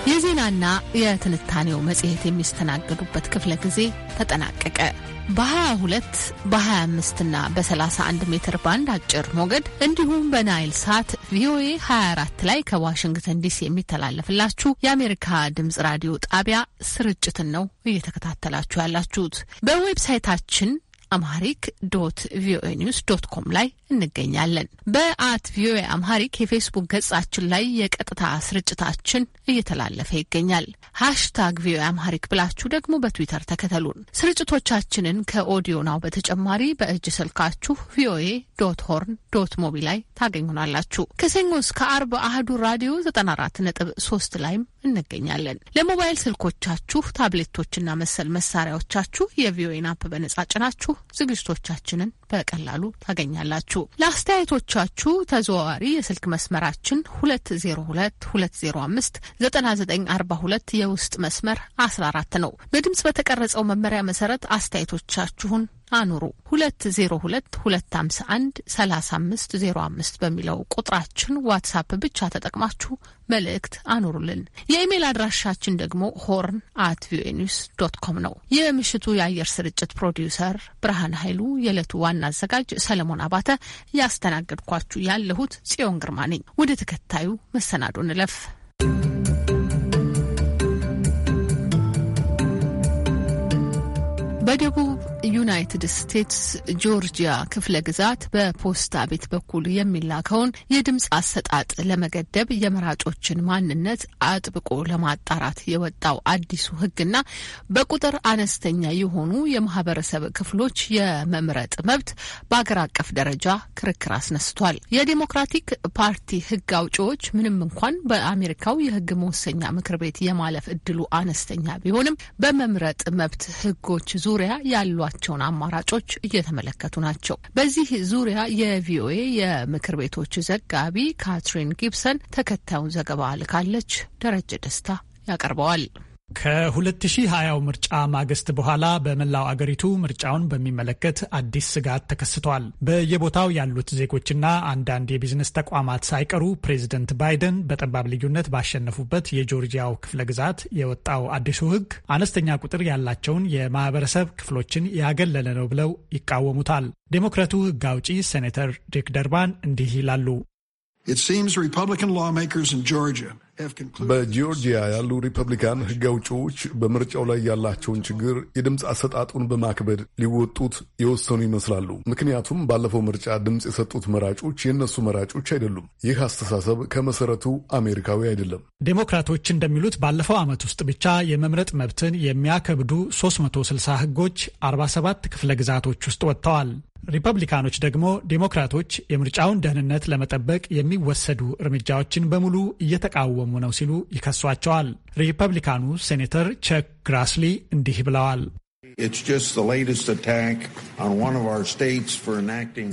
የዜናና የትንታኔው መጽሔት የሚስተናገዱበት ክፍለ ጊዜ ተጠናቀቀ። በ22 በ25 እና በ31 ሜትር ባንድ አጭር ሞገድ እንዲሁም በናይል ሳት ቪኦኤ 24 ላይ ከዋሽንግተን ዲሲ የሚተላለፍላችሁ የአሜሪካ ድምጽ ራዲዮ ጣቢያ ስርጭትን ነው እየተከታተላችሁ ያላችሁት። በዌብሳይታችን አምሃሪክ ዶት ቪኦኤ ኒውስ ዶት ኮም ላይ እንገኛለን። በአት ቪኦኤ አምሃሪክ የፌስቡክ ገጻችን ላይ የቀጥታ ስርጭታችን እየተላለፈ ይገኛል። ሃሽታግ ቪኦኤ አምሃሪክ ብላችሁ ደግሞ በትዊተር ተከተሉን። ስርጭቶቻችንን ከኦዲዮ ናው በተጨማሪ በእጅ ስልካችሁ ቪኦኤ ዶት ሆርን ዶት ሞቢ ላይ ታገኙናላችሁ። ከሰኞ እስከ አርብ አህዱ ራዲዮ 94.3 ላይም እንገኛለን። ለሞባይል ስልኮቻችሁ ታብሌቶችና መሰል መሳሪያዎቻችሁ የቪኦኤን አፕ በነጻ ጭናችሁ ዝግጅቶቻችንን በቀላሉ ታገኛላችሁ። ለአስተያየቶቻችሁ ተዘዋዋሪ የስልክ መስመራችን 2022059942 የውስጥ መስመር 14 ነው። በድምጽ በተቀረጸው መመሪያ መሰረት አስተያየቶቻችሁን አኑሩ 2022513505 በሚለው ቁጥራችን ዋትሳፕ ብቻ ተጠቅማችሁ መልእክት አኑሩልን። የኢሜል አድራሻችን ደግሞ ሆርን አት ቪኦኤ ኒውስ ዶት ኮም ነው። የምሽቱ የአየር ስርጭት ፕሮዲውሰር ብርሃን ኃይሉ፣ የዕለቱ ዋና አዘጋጅ ሰለሞን አባተ፣ ያስተናገድኳችሁ ያለሁት ጽዮን ግርማ ነኝ። ወደ ተከታዩ መሰናዶ እንለፍ። በደቡብ ዩናይትድ ስቴትስ ጆርጂያ ክፍለ ግዛት በፖስታ ቤት በኩል የሚላከውን የድምፅ አሰጣጥ ለመገደብ የመራጮችን ማንነት አጥብቆ ለማጣራት የወጣው አዲሱ ሕግና በቁጥር አነስተኛ የሆኑ የማህበረሰብ ክፍሎች የመምረጥ መብት በአገር አቀፍ ደረጃ ክርክር አስነስቷል። የዲሞክራቲክ ፓርቲ ሕግ አውጪዎች ምንም እንኳን በአሜሪካው የሕግ መወሰኛ ምክር ቤት የማለፍ እድሉ አነስተኛ ቢሆንም በመምረጥ መብት ሕጎች ዙሪያ ያሏ ያሏቸውን አማራጮች እየተመለከቱ ናቸው። በዚህ ዙሪያ የቪኦኤ የምክር ቤቶች ዘጋቢ ካትሪን ጊብሰን ተከታዩን ዘገባ ልካለች። ደረጀ ደስታ ያቀርበዋል። ከ2020 ምርጫ ማግስት በኋላ በመላው አገሪቱ ምርጫውን በሚመለከት አዲስ ስጋት ተከስቷል። በየቦታው ያሉት ዜጎችና አንዳንድ የቢዝነስ ተቋማት ሳይቀሩ ፕሬዝደንት ባይደን በጠባብ ልዩነት ባሸነፉበት የጆርጂያው ክፍለ ግዛት የወጣው አዲሱ ሕግ አነስተኛ ቁጥር ያላቸውን የማህበረሰብ ክፍሎችን ያገለለ ነው ብለው ይቃወሙታል። ዴሞክራቱ ሕግ አውጪ ሴኔተር ዲክ ደርባን እንዲህ ይላሉ። በጂዮርጂያ ያሉ ሪፐብሊካን ሕግ አውጪዎች በምርጫው ላይ ያላቸውን ችግር የድምፅ አሰጣጡን በማክበድ ሊወጡት የወሰኑ ይመስላሉ። ምክንያቱም ባለፈው ምርጫ ድምፅ የሰጡት መራጮች የእነሱ መራጮች አይደሉም። ይህ አስተሳሰብ ከመሰረቱ አሜሪካዊ አይደለም። ዴሞክራቶች እንደሚሉት ባለፈው ዓመት ውስጥ ብቻ የመምረጥ መብትን የሚያከብዱ 360 ሕጎች 47 ክፍለ ግዛቶች ውስጥ ወጥተዋል። ሪፐብሊካኖች ደግሞ ዴሞክራቶች የምርጫውን ደህንነት ለመጠበቅ የሚወሰዱ እርምጃዎችን በሙሉ እየተቃወሙ ነው ሲሉ ይከሷቸዋል። ሪፐብሊካኑ ሴኔተር ቸክ ግራስሊ እንዲህ ብለዋል።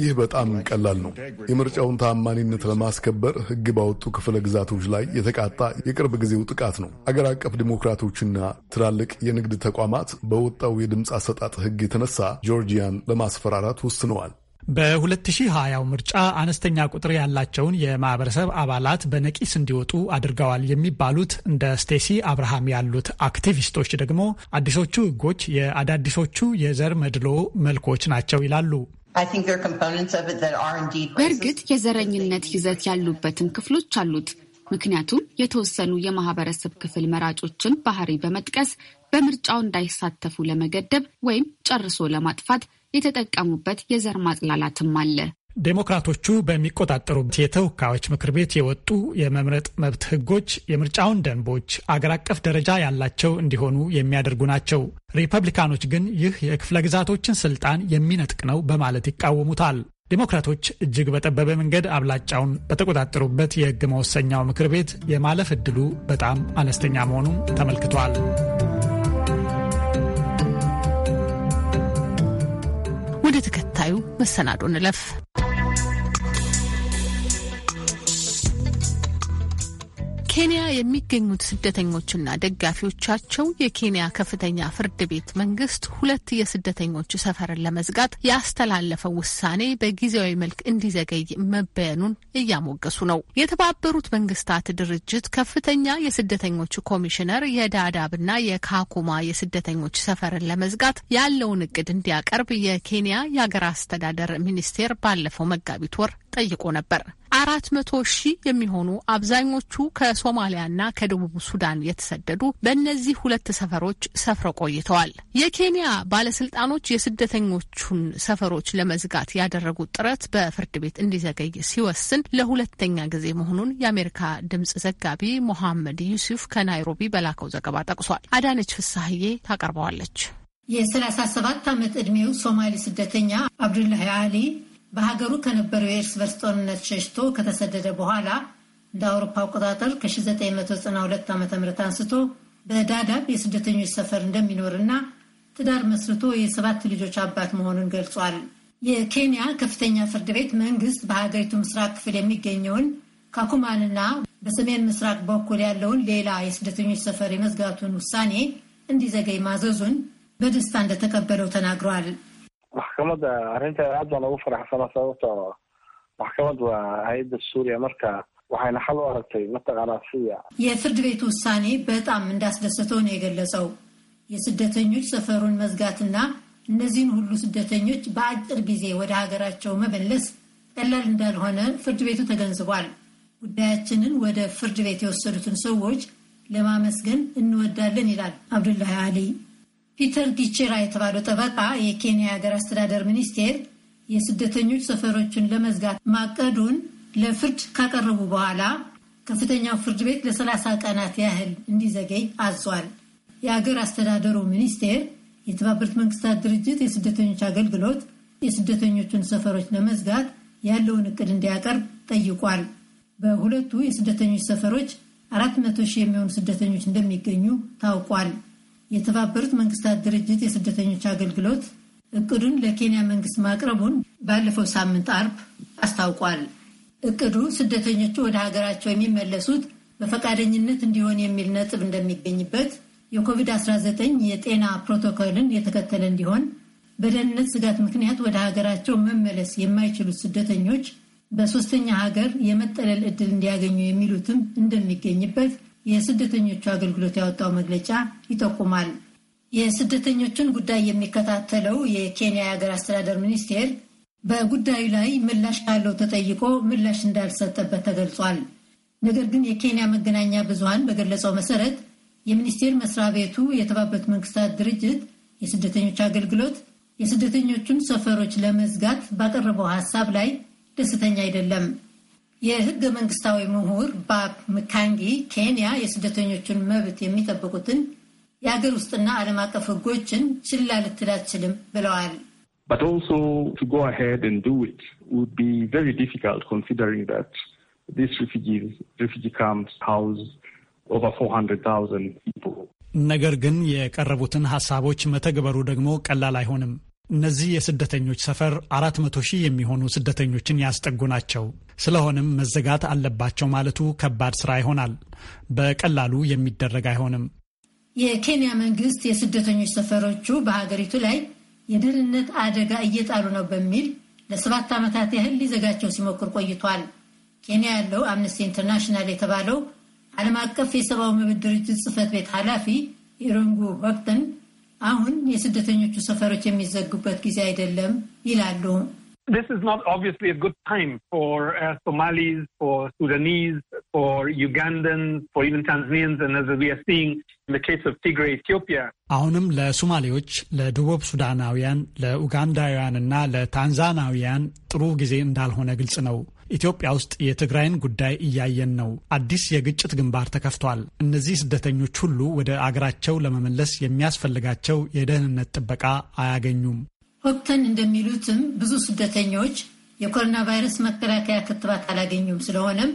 ይህ በጣም ቀላል ነው። የምርጫውን ታማኒነት ለማስከበር ሕግ ባወጡ ክፍለ ግዛቶች ላይ የተቃጣ የቅርብ ጊዜው ጥቃት ነው። አገር አቀፍ ዲሞክራቶችና ትላልቅ የንግድ ተቋማት በወጣው የድምፅ አሰጣጥ ሕግ የተነሳ ጆርጂያን ለማስፈራራት ወስነዋል። በ2020 ምርጫ አነስተኛ ቁጥር ያላቸውን የማህበረሰብ አባላት በነቂስ እንዲወጡ አድርገዋል የሚባሉት እንደ ስቴሲ አብርሃም ያሉት አክቲቪስቶች ደግሞ አዲሶቹ ህጎች የአዳዲሶቹ የዘር መድሎ መልኮች ናቸው ይላሉ። በእርግጥ የዘረኝነት ይዘት ያሉበትም ክፍሎች አሉት። ምክንያቱም የተወሰኑ የማህበረሰብ ክፍል መራጮችን ባህሪ በመጥቀስ በምርጫው እንዳይሳተፉ ለመገደብ ወይም ጨርሶ ለማጥፋት የተጠቀሙበት የዘር ማጥላላትም አለ። ዴሞክራቶቹ በሚቆጣጠሩት የተወካዮች ምክር ቤት የወጡ የመምረጥ መብት ህጎች የምርጫውን ደንቦች አገር አቀፍ ደረጃ ያላቸው እንዲሆኑ የሚያደርጉ ናቸው። ሪፐብሊካኖች ግን ይህ የክፍለ ግዛቶችን ስልጣን የሚነጥቅ ነው በማለት ይቃወሙታል። ዴሞክራቶች እጅግ በጠበበ መንገድ አብላጫውን በተቆጣጠሩበት የህግ መወሰኛው ምክር ቤት የማለፍ ዕድሉ በጣም አነስተኛ መሆኑም ተመልክቷል። ወደ ተከታዩ መሰናዶ እንለፍ። ኬንያ የሚገኙት ስደተኞችና ደጋፊዎቻቸው የኬንያ ከፍተኛ ፍርድ ቤት መንግስት ሁለት የስደተኞች ሰፈርን ለመዝጋት ያስተላለፈው ውሳኔ በጊዜያዊ መልክ እንዲዘገይ መበየኑን እያሞገሱ ነው። የተባበሩት መንግስታት ድርጅት ከፍተኛ የስደተኞች ኮሚሽነር የዳዳብና የካኩማ የስደተኞች ሰፈርን ለመዝጋት ያለውን እቅድ እንዲያቀርብ የኬንያ የአገር አስተዳደር ሚኒስቴር ባለፈው መጋቢት ወር ጠይቆ ነበር። አራት መቶ ሺህ የሚሆኑ አብዛኞቹ ከሶማሊያና ከደቡብ ሱዳን የተሰደዱ በእነዚህ ሁለት ሰፈሮች ሰፍረው ቆይተዋል። የኬንያ ባለስልጣኖች የስደተኞቹን ሰፈሮች ለመዝጋት ያደረጉት ጥረት በፍርድ ቤት እንዲዘገይ ሲወስን ለሁለተኛ ጊዜ መሆኑን የአሜሪካ ድምጽ ዘጋቢ ሞሐመድ ዩሱፍ ከናይሮቢ በላከው ዘገባ ጠቅሷል። አዳነች ፍሳህዬ ታቀርበዋለች። የ37 ዓመት ዕድሜው ሶማሌ ስደተኛ አብዱላሂ አሊ በሀገሩ ከነበረው የእርስ በርስ ጦርነት ሸሽቶ ከተሰደደ በኋላ እንደ አውሮፓ አቆጣጠር ከ1992 ዓ ም አንስቶ በዳዳብ የስደተኞች ሰፈር እንደሚኖርና ትዳር መስርቶ የሰባት ልጆች አባት መሆኑን ገልጿል። የኬንያ ከፍተኛ ፍርድ ቤት መንግስት በሀገሪቱ ምስራቅ ክፍል የሚገኘውን ካኩማንና በሰሜን ምስራቅ በኩል ያለውን ሌላ የስደተኞች ሰፈር የመዝጋቱን ውሳኔ እንዲዘገይ ማዘዙን በደስታ እንደተቀበለው ተናግሯል። maxkamada eh, arrinteeda aad baan ugu faraxsana sababtoo maxkamad waa hay-adda suuriya marka waxayna xal u aragtay mataqaanaa siya የፍርድ ቤት ውሳኔ በጣም እንዳስደሰተው ነው የገለጸው። የስደተኞች ሰፈሩን መዝጋትና እነዚህን ሁሉ ስደተኞች በአጭር ጊዜ ወደ ሀገራቸው መመለስ ቀላል እንዳልሆነ ፍርድ ቤቱ ተገንዝቧል። ጉዳያችንን ወደ ፍርድ ቤት የወሰዱትን ሰዎች ለማመስገን እንወዳለን ይላል አብዱላሂ አሊ። ፒተር ዲቼራ የተባለው ጠበቃ የኬንያ የሀገር አስተዳደር ሚኒስቴር የስደተኞች ሰፈሮችን ለመዝጋት ማቀዱን ለፍርድ ካቀረቡ በኋላ ከፍተኛው ፍርድ ቤት ለ30 ቀናት ያህል እንዲዘገይ አዟል። የአገር አስተዳደሩ ሚኒስቴር የተባበሩት መንግስታት ድርጅት የስደተኞች አገልግሎት የስደተኞቹን ሰፈሮች ለመዝጋት ያለውን እቅድ እንዲያቀርብ ጠይቋል። በሁለቱ የስደተኞች ሰፈሮች 400 ሺህ የሚሆኑ ስደተኞች እንደሚገኙ ታውቋል። የተባበሩት መንግስታት ድርጅት የስደተኞች አገልግሎት እቅዱን ለኬንያ መንግስት ማቅረቡን ባለፈው ሳምንት አርብ አስታውቋል። እቅዱ ስደተኞቹ ወደ ሀገራቸው የሚመለሱት በፈቃደኝነት እንዲሆን የሚል ነጥብ እንደሚገኝበት፣ የኮቪድ-19 የጤና ፕሮቶኮልን የተከተለ እንዲሆን፣ በደህንነት ስጋት ምክንያት ወደ ሀገራቸው መመለስ የማይችሉት ስደተኞች በሶስተኛ ሀገር የመጠለል ዕድል እንዲያገኙ የሚሉትም እንደሚገኝበት የስደተኞቹ አገልግሎት ያወጣው መግለጫ ይጠቁማል። የስደተኞቹን ጉዳይ የሚከታተለው የኬንያ የሀገር አስተዳደር ሚኒስቴር በጉዳዩ ላይ ምላሽ ካለው ተጠይቆ ምላሽ እንዳልሰጠበት ተገልጿል። ነገር ግን የኬንያ መገናኛ ብዙሃን በገለጸው መሰረት የሚኒስቴር መስሪያ ቤቱ የተባበሩት መንግስታት ድርጅት የስደተኞች አገልግሎት የስደተኞቹን ሰፈሮች ለመዝጋት ባቀረበው ሀሳብ ላይ ደስተኛ አይደለም። የህገ መንግስታዊ ምሁር ባብ ምካንጊ ኬንያ የስደተኞችን መብት የሚጠብቁትን የሀገር ውስጥና ዓለም አቀፍ ህጎችን ችላ ልትል አትችልም ብለዋል። ነገር ግን የቀረቡትን ሀሳቦች መተግበሩ ደግሞ ቀላል አይሆንም። እነዚህ የስደተኞች ሰፈር አራት መቶ ሺህ የሚሆኑ ስደተኞችን ያስጠጉ ናቸው። ስለሆነም መዘጋት አለባቸው ማለቱ ከባድ ስራ ይሆናል። በቀላሉ የሚደረግ አይሆንም። የኬንያ መንግስት የስደተኞች ሰፈሮቹ በሀገሪቱ ላይ የደህንነት አደጋ እየጣሉ ነው በሚል ለሰባት ዓመታት ያህል ሊዘጋቸው ሲሞክር ቆይቷል። ኬንያ ያለው አምነስቲ ኢንተርናሽናል የተባለው ዓለም አቀፍ የሰብአዊ መብት ድርጅት ጽህፈት ቤት ኃላፊ ኢሩንጉ ወቅትን አሁን የስደተኞቹ ሰፈሮች የሚዘጉበት ጊዜ አይደለም ይላሉ። this is not obviously a good time for uh, Somalis, for Sudanese, for Ugandans, for even Tanzanians, and as we are seeing in the case of Tigray, Ethiopia. አሁንም ለሶማሌዎች፣ ለደቡብ ሱዳናውያን፣ ለኡጋንዳውያንና ለታንዛናውያን ጥሩ ጊዜ እንዳልሆነ ግልጽ ነው። ኢትዮጵያ ውስጥ የትግራይን ጉዳይ እያየን ነው። አዲስ የግጭት ግንባር ተከፍቷል። እነዚህ ስደተኞች ሁሉ ወደ አገራቸው ለመመለስ የሚያስፈልጋቸው የደህንነት ጥበቃ አያገኙም። ሆፕተን እንደሚሉትም ብዙ ስደተኞች የኮሮና ቫይረስ መከላከያ ክትባት አላገኙም። ስለሆነም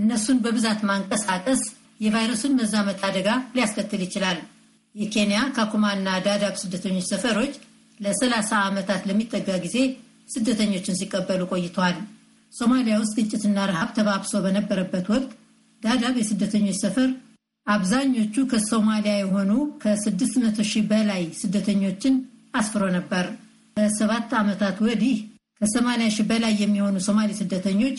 እነሱን በብዛት ማንቀሳቀስ የቫይረሱን መዛመት አደጋ ሊያስከትል ይችላል። የኬንያ ካኩማና ዳዳብ ስደተኞች ሰፈሮች ለ30 ዓመታት ለሚጠጋ ጊዜ ስደተኞችን ሲቀበሉ ቆይተዋል። ሶማሊያ ውስጥ ግጭትና ረሃብ ተባብሶ በነበረበት ወቅት ዳዳብ የስደተኞች ሰፈር አብዛኞቹ ከሶማሊያ የሆኑ ከ600 ሺህ በላይ ስደተኞችን አስፍሮ ነበር። ከሰባት ዓመታት ወዲህ ከ80 ሺህ በላይ የሚሆኑ ሶማሌ ስደተኞች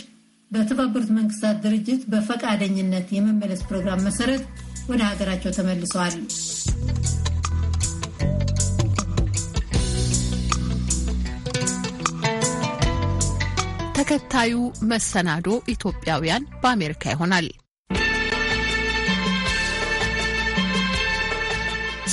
በተባበሩት መንግስታት ድርጅት በፈቃደኝነት የመመለስ ፕሮግራም መሰረት ወደ ሀገራቸው ተመልሰዋል። ተከታዩ መሰናዶ ኢትዮጵያውያን በአሜሪካ ይሆናል።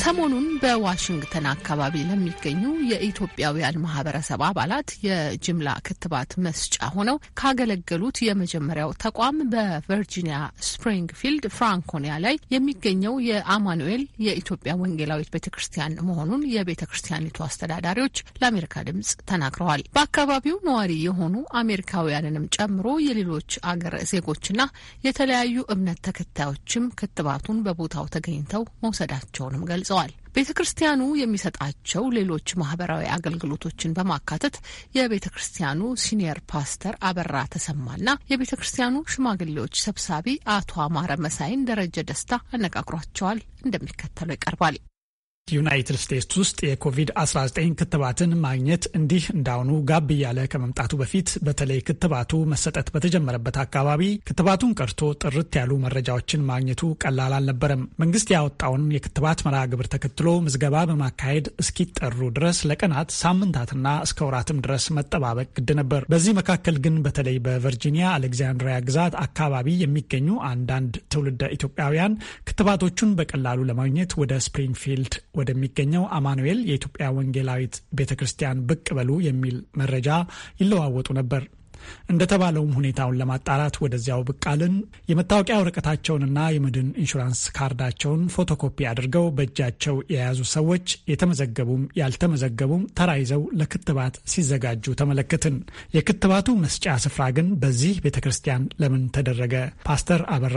ሰሞኑን በዋሽንግተን አካባቢ ለሚገኙ የኢትዮጵያውያን ማህበረሰብ አባላት የጅምላ ክትባት መስጫ ሆነው ካገለገሉት የመጀመሪያው ተቋም በቨርጂኒያ ስፕሪንግፊልድ ፍራንኮኒያ ላይ የሚገኘው የአማኑኤል የኢትዮጵያ ወንጌላዊት ቤተ ክርስቲያን መሆኑን የቤተ ክርስቲያኒቱ አስተዳዳሪዎች ለአሜሪካ ድምጽ ተናግረዋል። በአካባቢው ነዋሪ የሆኑ አሜሪካውያንንም ጨምሮ የሌሎች አገር ዜጎችና የተለያዩ እምነት ተከታዮችም ክትባቱን በቦታው ተገኝተው መውሰዳቸውንም ገልጸዋል። ገልጸዋል። ቤተ ክርስቲያኑ የሚሰጣቸው ሌሎች ማህበራዊ አገልግሎቶችን በማካተት የቤተ ክርስቲያኑ ሲኒየር ፓስተር አበራ ተሰማና የቤተ ክርስቲያኑ ሽማግሌዎች ሰብሳቢ አቶ አማረ መሳይን ደረጀ ደስታ አነጋግሯቸዋል። እንደሚከተለው ይቀርባል። ዩናይትድ ስቴትስ ውስጥ የኮቪድ-19 ክትባትን ማግኘት እንዲህ እንዳሁኑ ጋብ እያለ ከመምጣቱ በፊት በተለይ ክትባቱ መሰጠት በተጀመረበት አካባቢ ክትባቱን ቀርቶ ጥርት ያሉ መረጃዎችን ማግኘቱ ቀላል አልነበረም። መንግስት ያወጣውን የክትባት መርሃ ግብር ተከትሎ ምዝገባ በማካሄድ እስኪጠሩ ድረስ ለቀናት ሳምንታትና እስከ ወራትም ድረስ መጠባበቅ ግድ ነበር። በዚህ መካከል ግን በተለይ በቨርጂኒያ አሌክዛንድሪያ ግዛት አካባቢ የሚገኙ አንዳንድ ትውልደ ኢትዮጵያውያን ክትባቶቹን በቀላሉ ለማግኘት ወደ ስፕሪንግፊልድ ወደሚገኘው አማኑኤል የኢትዮጵያ ወንጌላዊት ቤተ ክርስቲያን ብቅ በሉ የሚል መረጃ ይለዋወጡ ነበር። እንደተባለውም ሁኔታውን ለማጣራት ወደዚያው ብቅ አልን። የመታወቂያ ወረቀታቸውንና የመድን ኢንሹራንስ ካርዳቸውን ፎቶኮፒ አድርገው በእጃቸው የያዙ ሰዎች የተመዘገቡም ያልተመዘገቡም ተራይዘው ለክትባት ሲዘጋጁ ተመለከትን። የክትባቱ መስጫ ስፍራ ግን በዚህ ቤተ ክርስቲያን ለምን ተደረገ? ፓስተር አበራ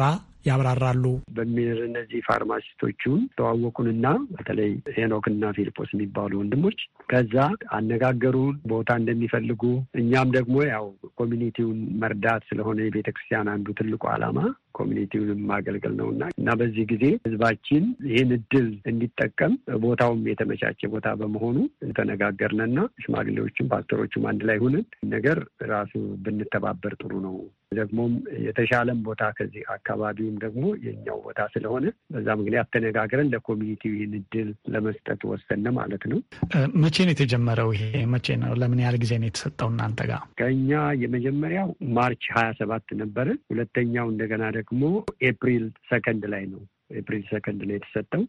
ያብራራሉ። በሚል እነዚህ ፋርማሲስቶቹን ተዋወቁንና በተለይ ሄኖክ ሄኖክና ፊልጶስ የሚባሉ ወንድሞች ከዛ አነጋገሩን ቦታ እንደሚፈልጉ እኛም ደግሞ ያው ኮሚኒቲውን መርዳት ስለሆነ የቤተ ክርስቲያን አንዱ ትልቁ ዓላማ ኮሚኒቲውንም ማገልገል ነውና እና በዚህ ጊዜ ህዝባችን ይህን እድል እንዲጠቀም ቦታውም የተመቻቸ ቦታ በመሆኑ ተነጋገርንና ሽማግሌዎችም ፓስተሮቹም አንድ ላይ ሆነን ነገር ራሱ ብንተባበር ጥሩ ነው ደግሞም የተሻለም ቦታ ከዚህ አካባቢውም ደግሞ የኛው ቦታ ስለሆነ በዛ ምክንያት ተነጋግረን ለኮሚኒቲው ይህን እድል ለመስጠት ወሰነ ማለት ነው። መቼ ነው የተጀመረው? ይሄ መቼ ነው? ለምን ያህል ጊዜ ነው የተሰጠው እናንተ ጋር? ከኛ የመጀመሪያው ማርች ሀያ ሰባት ነበረ። ሁለተኛው እንደገና ደግሞ ኤፕሪል ሰከንድ ላይ ነው ኤፕሪል ሰከንድ ነው የተሰጠው።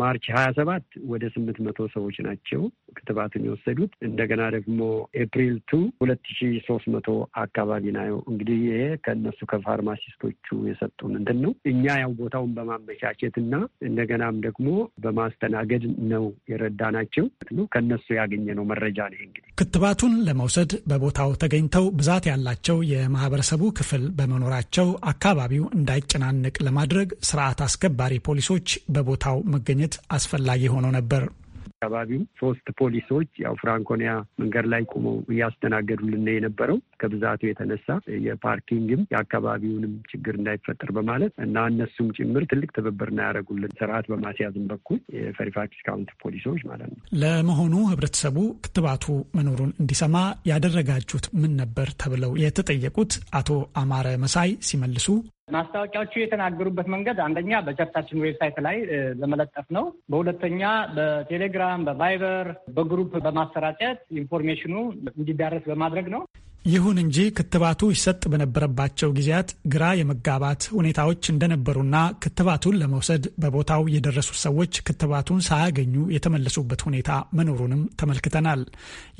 ማርች ሀያ ሰባት ወደ ስምንት መቶ ሰዎች ናቸው ክትባትን የወሰዱት። እንደገና ደግሞ ኤፕሪል ቱ ሁለት ሺ ሶስት መቶ አካባቢ ነው። እንግዲህ ይሄ ከእነሱ ከፋርማሲስቶቹ የሰጡን እንትን ነው። እኛ ያው ቦታውን በማመቻቸት እና እንደገናም ደግሞ በማስተናገድ ነው የረዳ ናቸው። ከእነሱ ያገኘ ነው መረጃ ነው እንግዲህ ክትባቱን ለመውሰድ በቦታው ተገኝተው ብዛት ያላቸው የማህበረሰቡ ክፍል በመኖራቸው አካባቢው እንዳይጨናነቅ ለማድረግ ስርዓት አስ አስከባሪ ፖሊሶች በቦታው መገኘት አስፈላጊ ሆኖ ነበር። አካባቢው ሶስት ፖሊሶች ያው ፍራንኮኒያ መንገድ ላይ ቆመው እያስተናገዱልን የነበረው። ከብዛቱ የተነሳ የፓርኪንግም የአካባቢውንም ችግር እንዳይፈጠር በማለት እና እነሱም ጭምር ትልቅ ትብብር ነው ያደረጉልን ስርዓት በማስያዝም በኩል የፈሪፋክስ ካውንቲ ፖሊሶች ማለት ነው። ለመሆኑ ህብረተሰቡ ክትባቱ መኖሩን እንዲሰማ ያደረጋችሁት ምን ነበር ተብለው የተጠየቁት አቶ አማረ መሳይ ሲመልሱ ማስታወቂያዎቹ የተናገሩበት መንገድ አንደኛ በቸርቻችን ዌብሳይት ላይ ለመለጠፍ ነው። በሁለተኛ በቴሌግራም፣ በቫይበር፣ በግሩፕ በማሰራጨት ኢንፎርሜሽኑ እንዲዳረስ በማድረግ ነው። ይሁን እንጂ ክትባቱ ይሰጥ በነበረባቸው ጊዜያት ግራ የመጋባት ሁኔታዎች እንደነበሩና ክትባቱን ለመውሰድ በቦታው የደረሱ ሰዎች ክትባቱን ሳያገኙ የተመለሱበት ሁኔታ መኖሩንም ተመልክተናል።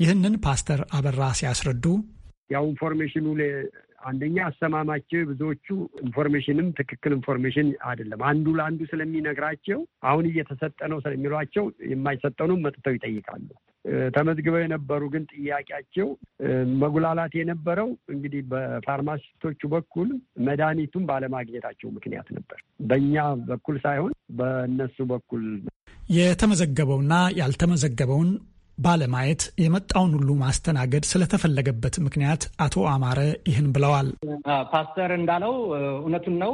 ይህንን ፓስተር አበራ ሲያስረዱ ያው ኢንፎርሜሽኑ አንደኛ አሰማማቸው ብዙዎቹ ኢንፎርሜሽንም ትክክል ኢንፎርሜሽን አይደለም። አንዱ ለአንዱ ስለሚነግራቸው አሁን እየተሰጠ ነው ስለሚሏቸው የማይሰጠኑም መጥተው ይጠይቃሉ። ተመዝግበው የነበሩ ግን ጥያቄያቸው መጉላላት የነበረው እንግዲህ በፋርማሲስቶቹ በኩል መድኃኒቱን ባለማግኘታቸው ምክንያት ነበር። በእኛ በኩል ሳይሆን በእነሱ በኩል የተመዘገበውና ያልተመዘገበውን ባለማየት የመጣውን ሁሉ ማስተናገድ ስለተፈለገበት ምክንያት አቶ አማረ ይህን ብለዋል። ፓስተር እንዳለው እውነቱን ነው።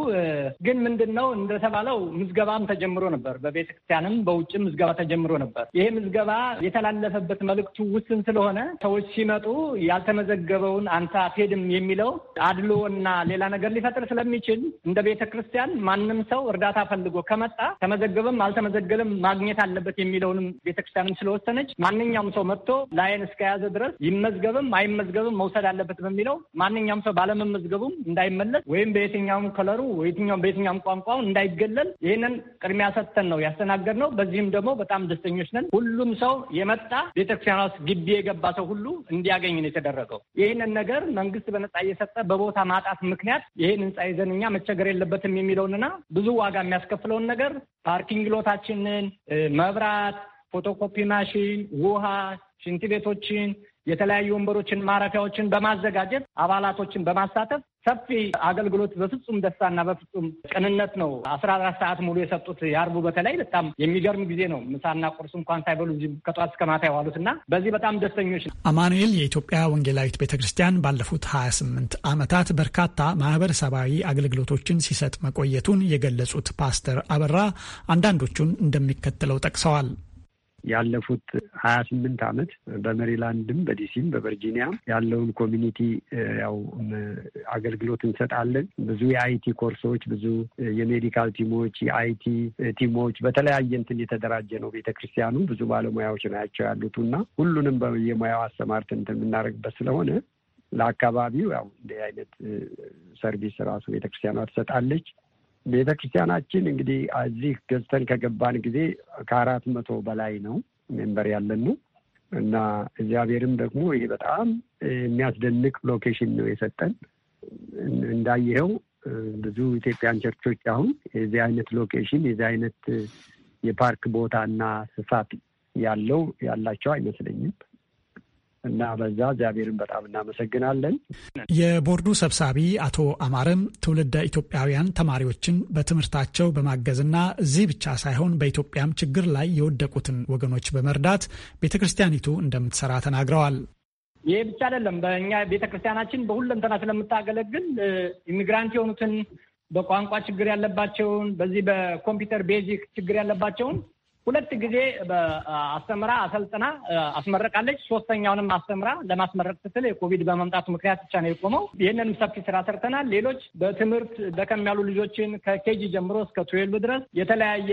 ግን ምንድን ነው እንደተባለው ምዝገባም ተጀምሮ ነበር። በቤተ ክርስቲያንም በውጭም ምዝገባ ተጀምሮ ነበር። ይሄ ምዝገባ የተላለፈበት መልእክቱ ውስን ስለሆነ ሰዎች ሲመጡ ያልተመዘገበውን አንተ አትሄድም የሚለው አድሎ እና ሌላ ነገር ሊፈጥር ስለሚችል እንደ ቤተ ክርስቲያን ማንም ሰው እርዳታ ፈልጎ ከመጣ ተመዘገበም አልተመዘገበም ማግኘት አለበት የሚለውንም ቤተ ክርስቲያንም ስለወሰነች ማን ማንኛውም ሰው መጥቶ ላይን እስከያዘ ድረስ ይመዝገብም አይመዝገብም መውሰድ አለበት በሚለው ማንኛውም ሰው ባለመመዝገቡም እንዳይመለስ ወይም በየትኛውም ከለሩ ወይትኛውም በየትኛውም ቋንቋው እንዳይገለል ይህንን ቅድሚያ ሰጥተን ነው ያስተናገድ ነው። በዚህም ደግሞ በጣም ደስተኞች ነን። ሁሉም ሰው የመጣ ቤተክርስቲያኗስ ግቢ የገባ ሰው ሁሉ እንዲያገኝ ነው የተደረገው። ይህንን ነገር መንግስት በነጻ እየሰጠ በቦታ ማጣት ምክንያት ይህን ህንፃ ይዘን እኛ መቸገር የለበትም የሚለውንና ብዙ ዋጋ የሚያስከፍለውን ነገር ፓርኪንግ ሎታችንን፣ መብራት ፎቶኮፒ ማሽን፣ ውሃ፣ ሽንት ቤቶችን፣ የተለያዩ ወንበሮችን፣ ማረፊያዎችን በማዘጋጀት አባላቶችን በማሳተፍ ሰፊ አገልግሎት በፍጹም ደስታና በፍጹም ቅንነት ነው። አስራ አራት ሰዓት ሙሉ የሰጡት የአርቡ በተለይ በጣም የሚገርም ጊዜ ነው። ምሳና ቁርስ እንኳን ሳይበሉ እዚህ እስከ ማታ የዋሉት እና በዚህ በጣም ደስተኞች ነው። አማኑኤል የኢትዮጵያ ወንጌላዊት ቤተ ክርስቲያን ባለፉት 28 ዓመታት በርካታ ማህበረሰባዊ አገልግሎቶችን ሲሰጥ መቆየቱን የገለጹት ፓስተር አበራ አንዳንዶቹን እንደሚከተለው ጠቅሰዋል። ያለፉት ሀያ ስምንት ዓመት በሜሪላንድም በዲሲም በቨርጂኒያም ያለውን ኮሚኒቲ ያው አገልግሎት እንሰጣለን። ብዙ የአይቲ ኮርሶች፣ ብዙ የሜዲካል ቲሞች፣ የአይቲ ቲሞች በተለያየ እንትን የተደራጀ ነው። ቤተ ክርስቲያኑ ብዙ ባለሙያዎች ናቸው ያሉት እና ሁሉንም የሙያው አሰማርት እንትን የምናደርግበት ስለሆነ ለአካባቢው ያው እንደ አይነት ሰርቪስ ራሱ ቤተክርስቲያኗ ትሰጣለች። ቤተ ክርስቲያናችን እንግዲህ እዚህ ገዝተን ከገባን ጊዜ ከአራት መቶ በላይ ነው ሜምበር ያለን ነው እና እግዚአብሔርም ደግሞ ይሄ በጣም የሚያስደንቅ ሎኬሽን ነው የሰጠን። እንዳየኸው ብዙ ኢትዮጵያን ቸርቾች አሁን የዚህ አይነት ሎኬሽን የዚህ አይነት የፓርክ ቦታ እና ስፋት ያለው ያላቸው አይመስለኝም። እና በዛ እግዚአብሔርን በጣም እናመሰግናለን። የቦርዱ ሰብሳቢ አቶ አማረም ትውልደ ኢትዮጵያውያን ተማሪዎችን በትምህርታቸው በማገዝና እዚህ ብቻ ሳይሆን በኢትዮጵያም ችግር ላይ የወደቁትን ወገኖች በመርዳት ቤተ ክርስቲያኒቱ እንደምትሰራ ተናግረዋል። ይህ ብቻ አይደለም። በእኛ ቤተ ክርስቲያናችን በሁለንተና ስለምታገለግል ኢሚግራንት የሆኑትን በቋንቋ ችግር ያለባቸውን በዚህ በኮምፒውተር ቤዚክ ችግር ያለባቸውን ሁለት ጊዜ አስተምራ አሰልጥና አስመረቃለች። ሶስተኛውንም አስተምራ ለማስመረቅ ስትል የኮቪድ በመምጣቱ ምክንያት ብቻ ነው የቆመው። ይህንንም ሰፊ ስራ ሰርተናል። ሌሎች በትምህርት ደከም ያሉ ልጆችን ከኬጂ ጀምሮ እስከ ቱዌልቭ ድረስ የተለያየ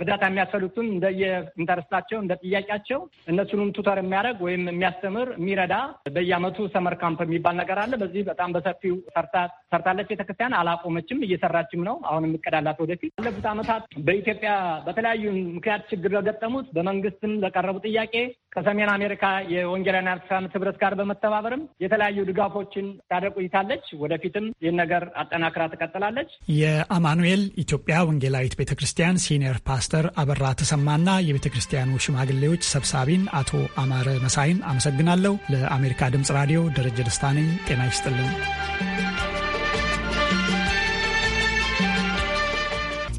እርዳታ የሚያስፈልጉትን እንደየኢንተረስታቸው እንደ ጥያቄያቸው እነሱንም ቱተር የሚያደርግ ወይም የሚያስተምር የሚረዳ በየአመቱ ሰመር ካምፕ የሚባል ነገር አለ። በዚህ በጣም በሰፊው ሰርታለች። ቤተክርስቲያን አላቆመችም፣ እየሰራችም ነው። አሁንም እቅድ አላት ወደፊት። ባለፉት አመታት በኢትዮጵያ በተለያዩ ምክንያት ችግር ለገጠሙት በመንግስትም ለቀረቡ ጥያቄ ከሰሜን አሜሪካ የወንጌላውያን አርቲስት ህብረት ጋር በመተባበርም የተለያዩ ድጋፎችን ታደቁይታለች። ወደፊትም ይህን ነገር አጠናክራ ትቀጥላለች። የአማኑኤል ኢትዮጵያ ወንጌላዊት ቤተ ክርስቲያን ሲኒየር ፓስተር አበራ ተሰማና የቤተ ክርስቲያኑ ሽማግሌዎች ሰብሳቢን አቶ አማረ መሳይን አመሰግናለሁ። ለአሜሪካ ድምጽ ራዲዮ ደረጀ ደስታ ነኝ። ጤና ይስጥልን።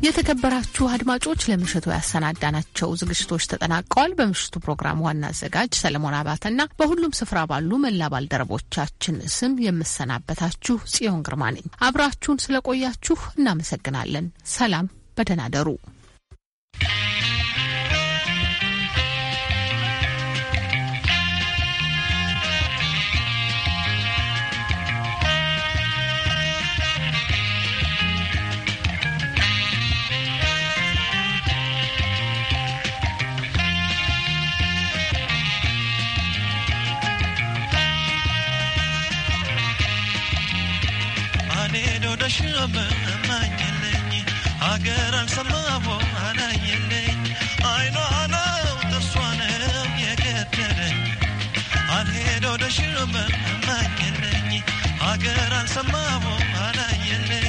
የተከበራችሁ አድማጮች ለምሽቱ ያሰናዳናቸው ዝግጅቶች ተጠናቀዋል። በምሽቱ ፕሮግራም ዋና አዘጋጅ ሰለሞን አባተና በሁሉም ስፍራ ባሉ መላ ባልደረቦቻችን ስም የምሰናበታችሁ ጽዮን ግርማ ነኝ። አብራችሁን ስለቆያችሁ እናመሰግናለን። ሰላም፣ በደህና ደሩ። ተሾመ ማኝልኝ ሀገር አልሰማ አላየለኝ አይኗ ነው ጥርሷ ነው የገደለኝ አልሄድ ወደ ሾመ ማኝልኝ ሀገር አልሰማ አላየለኝ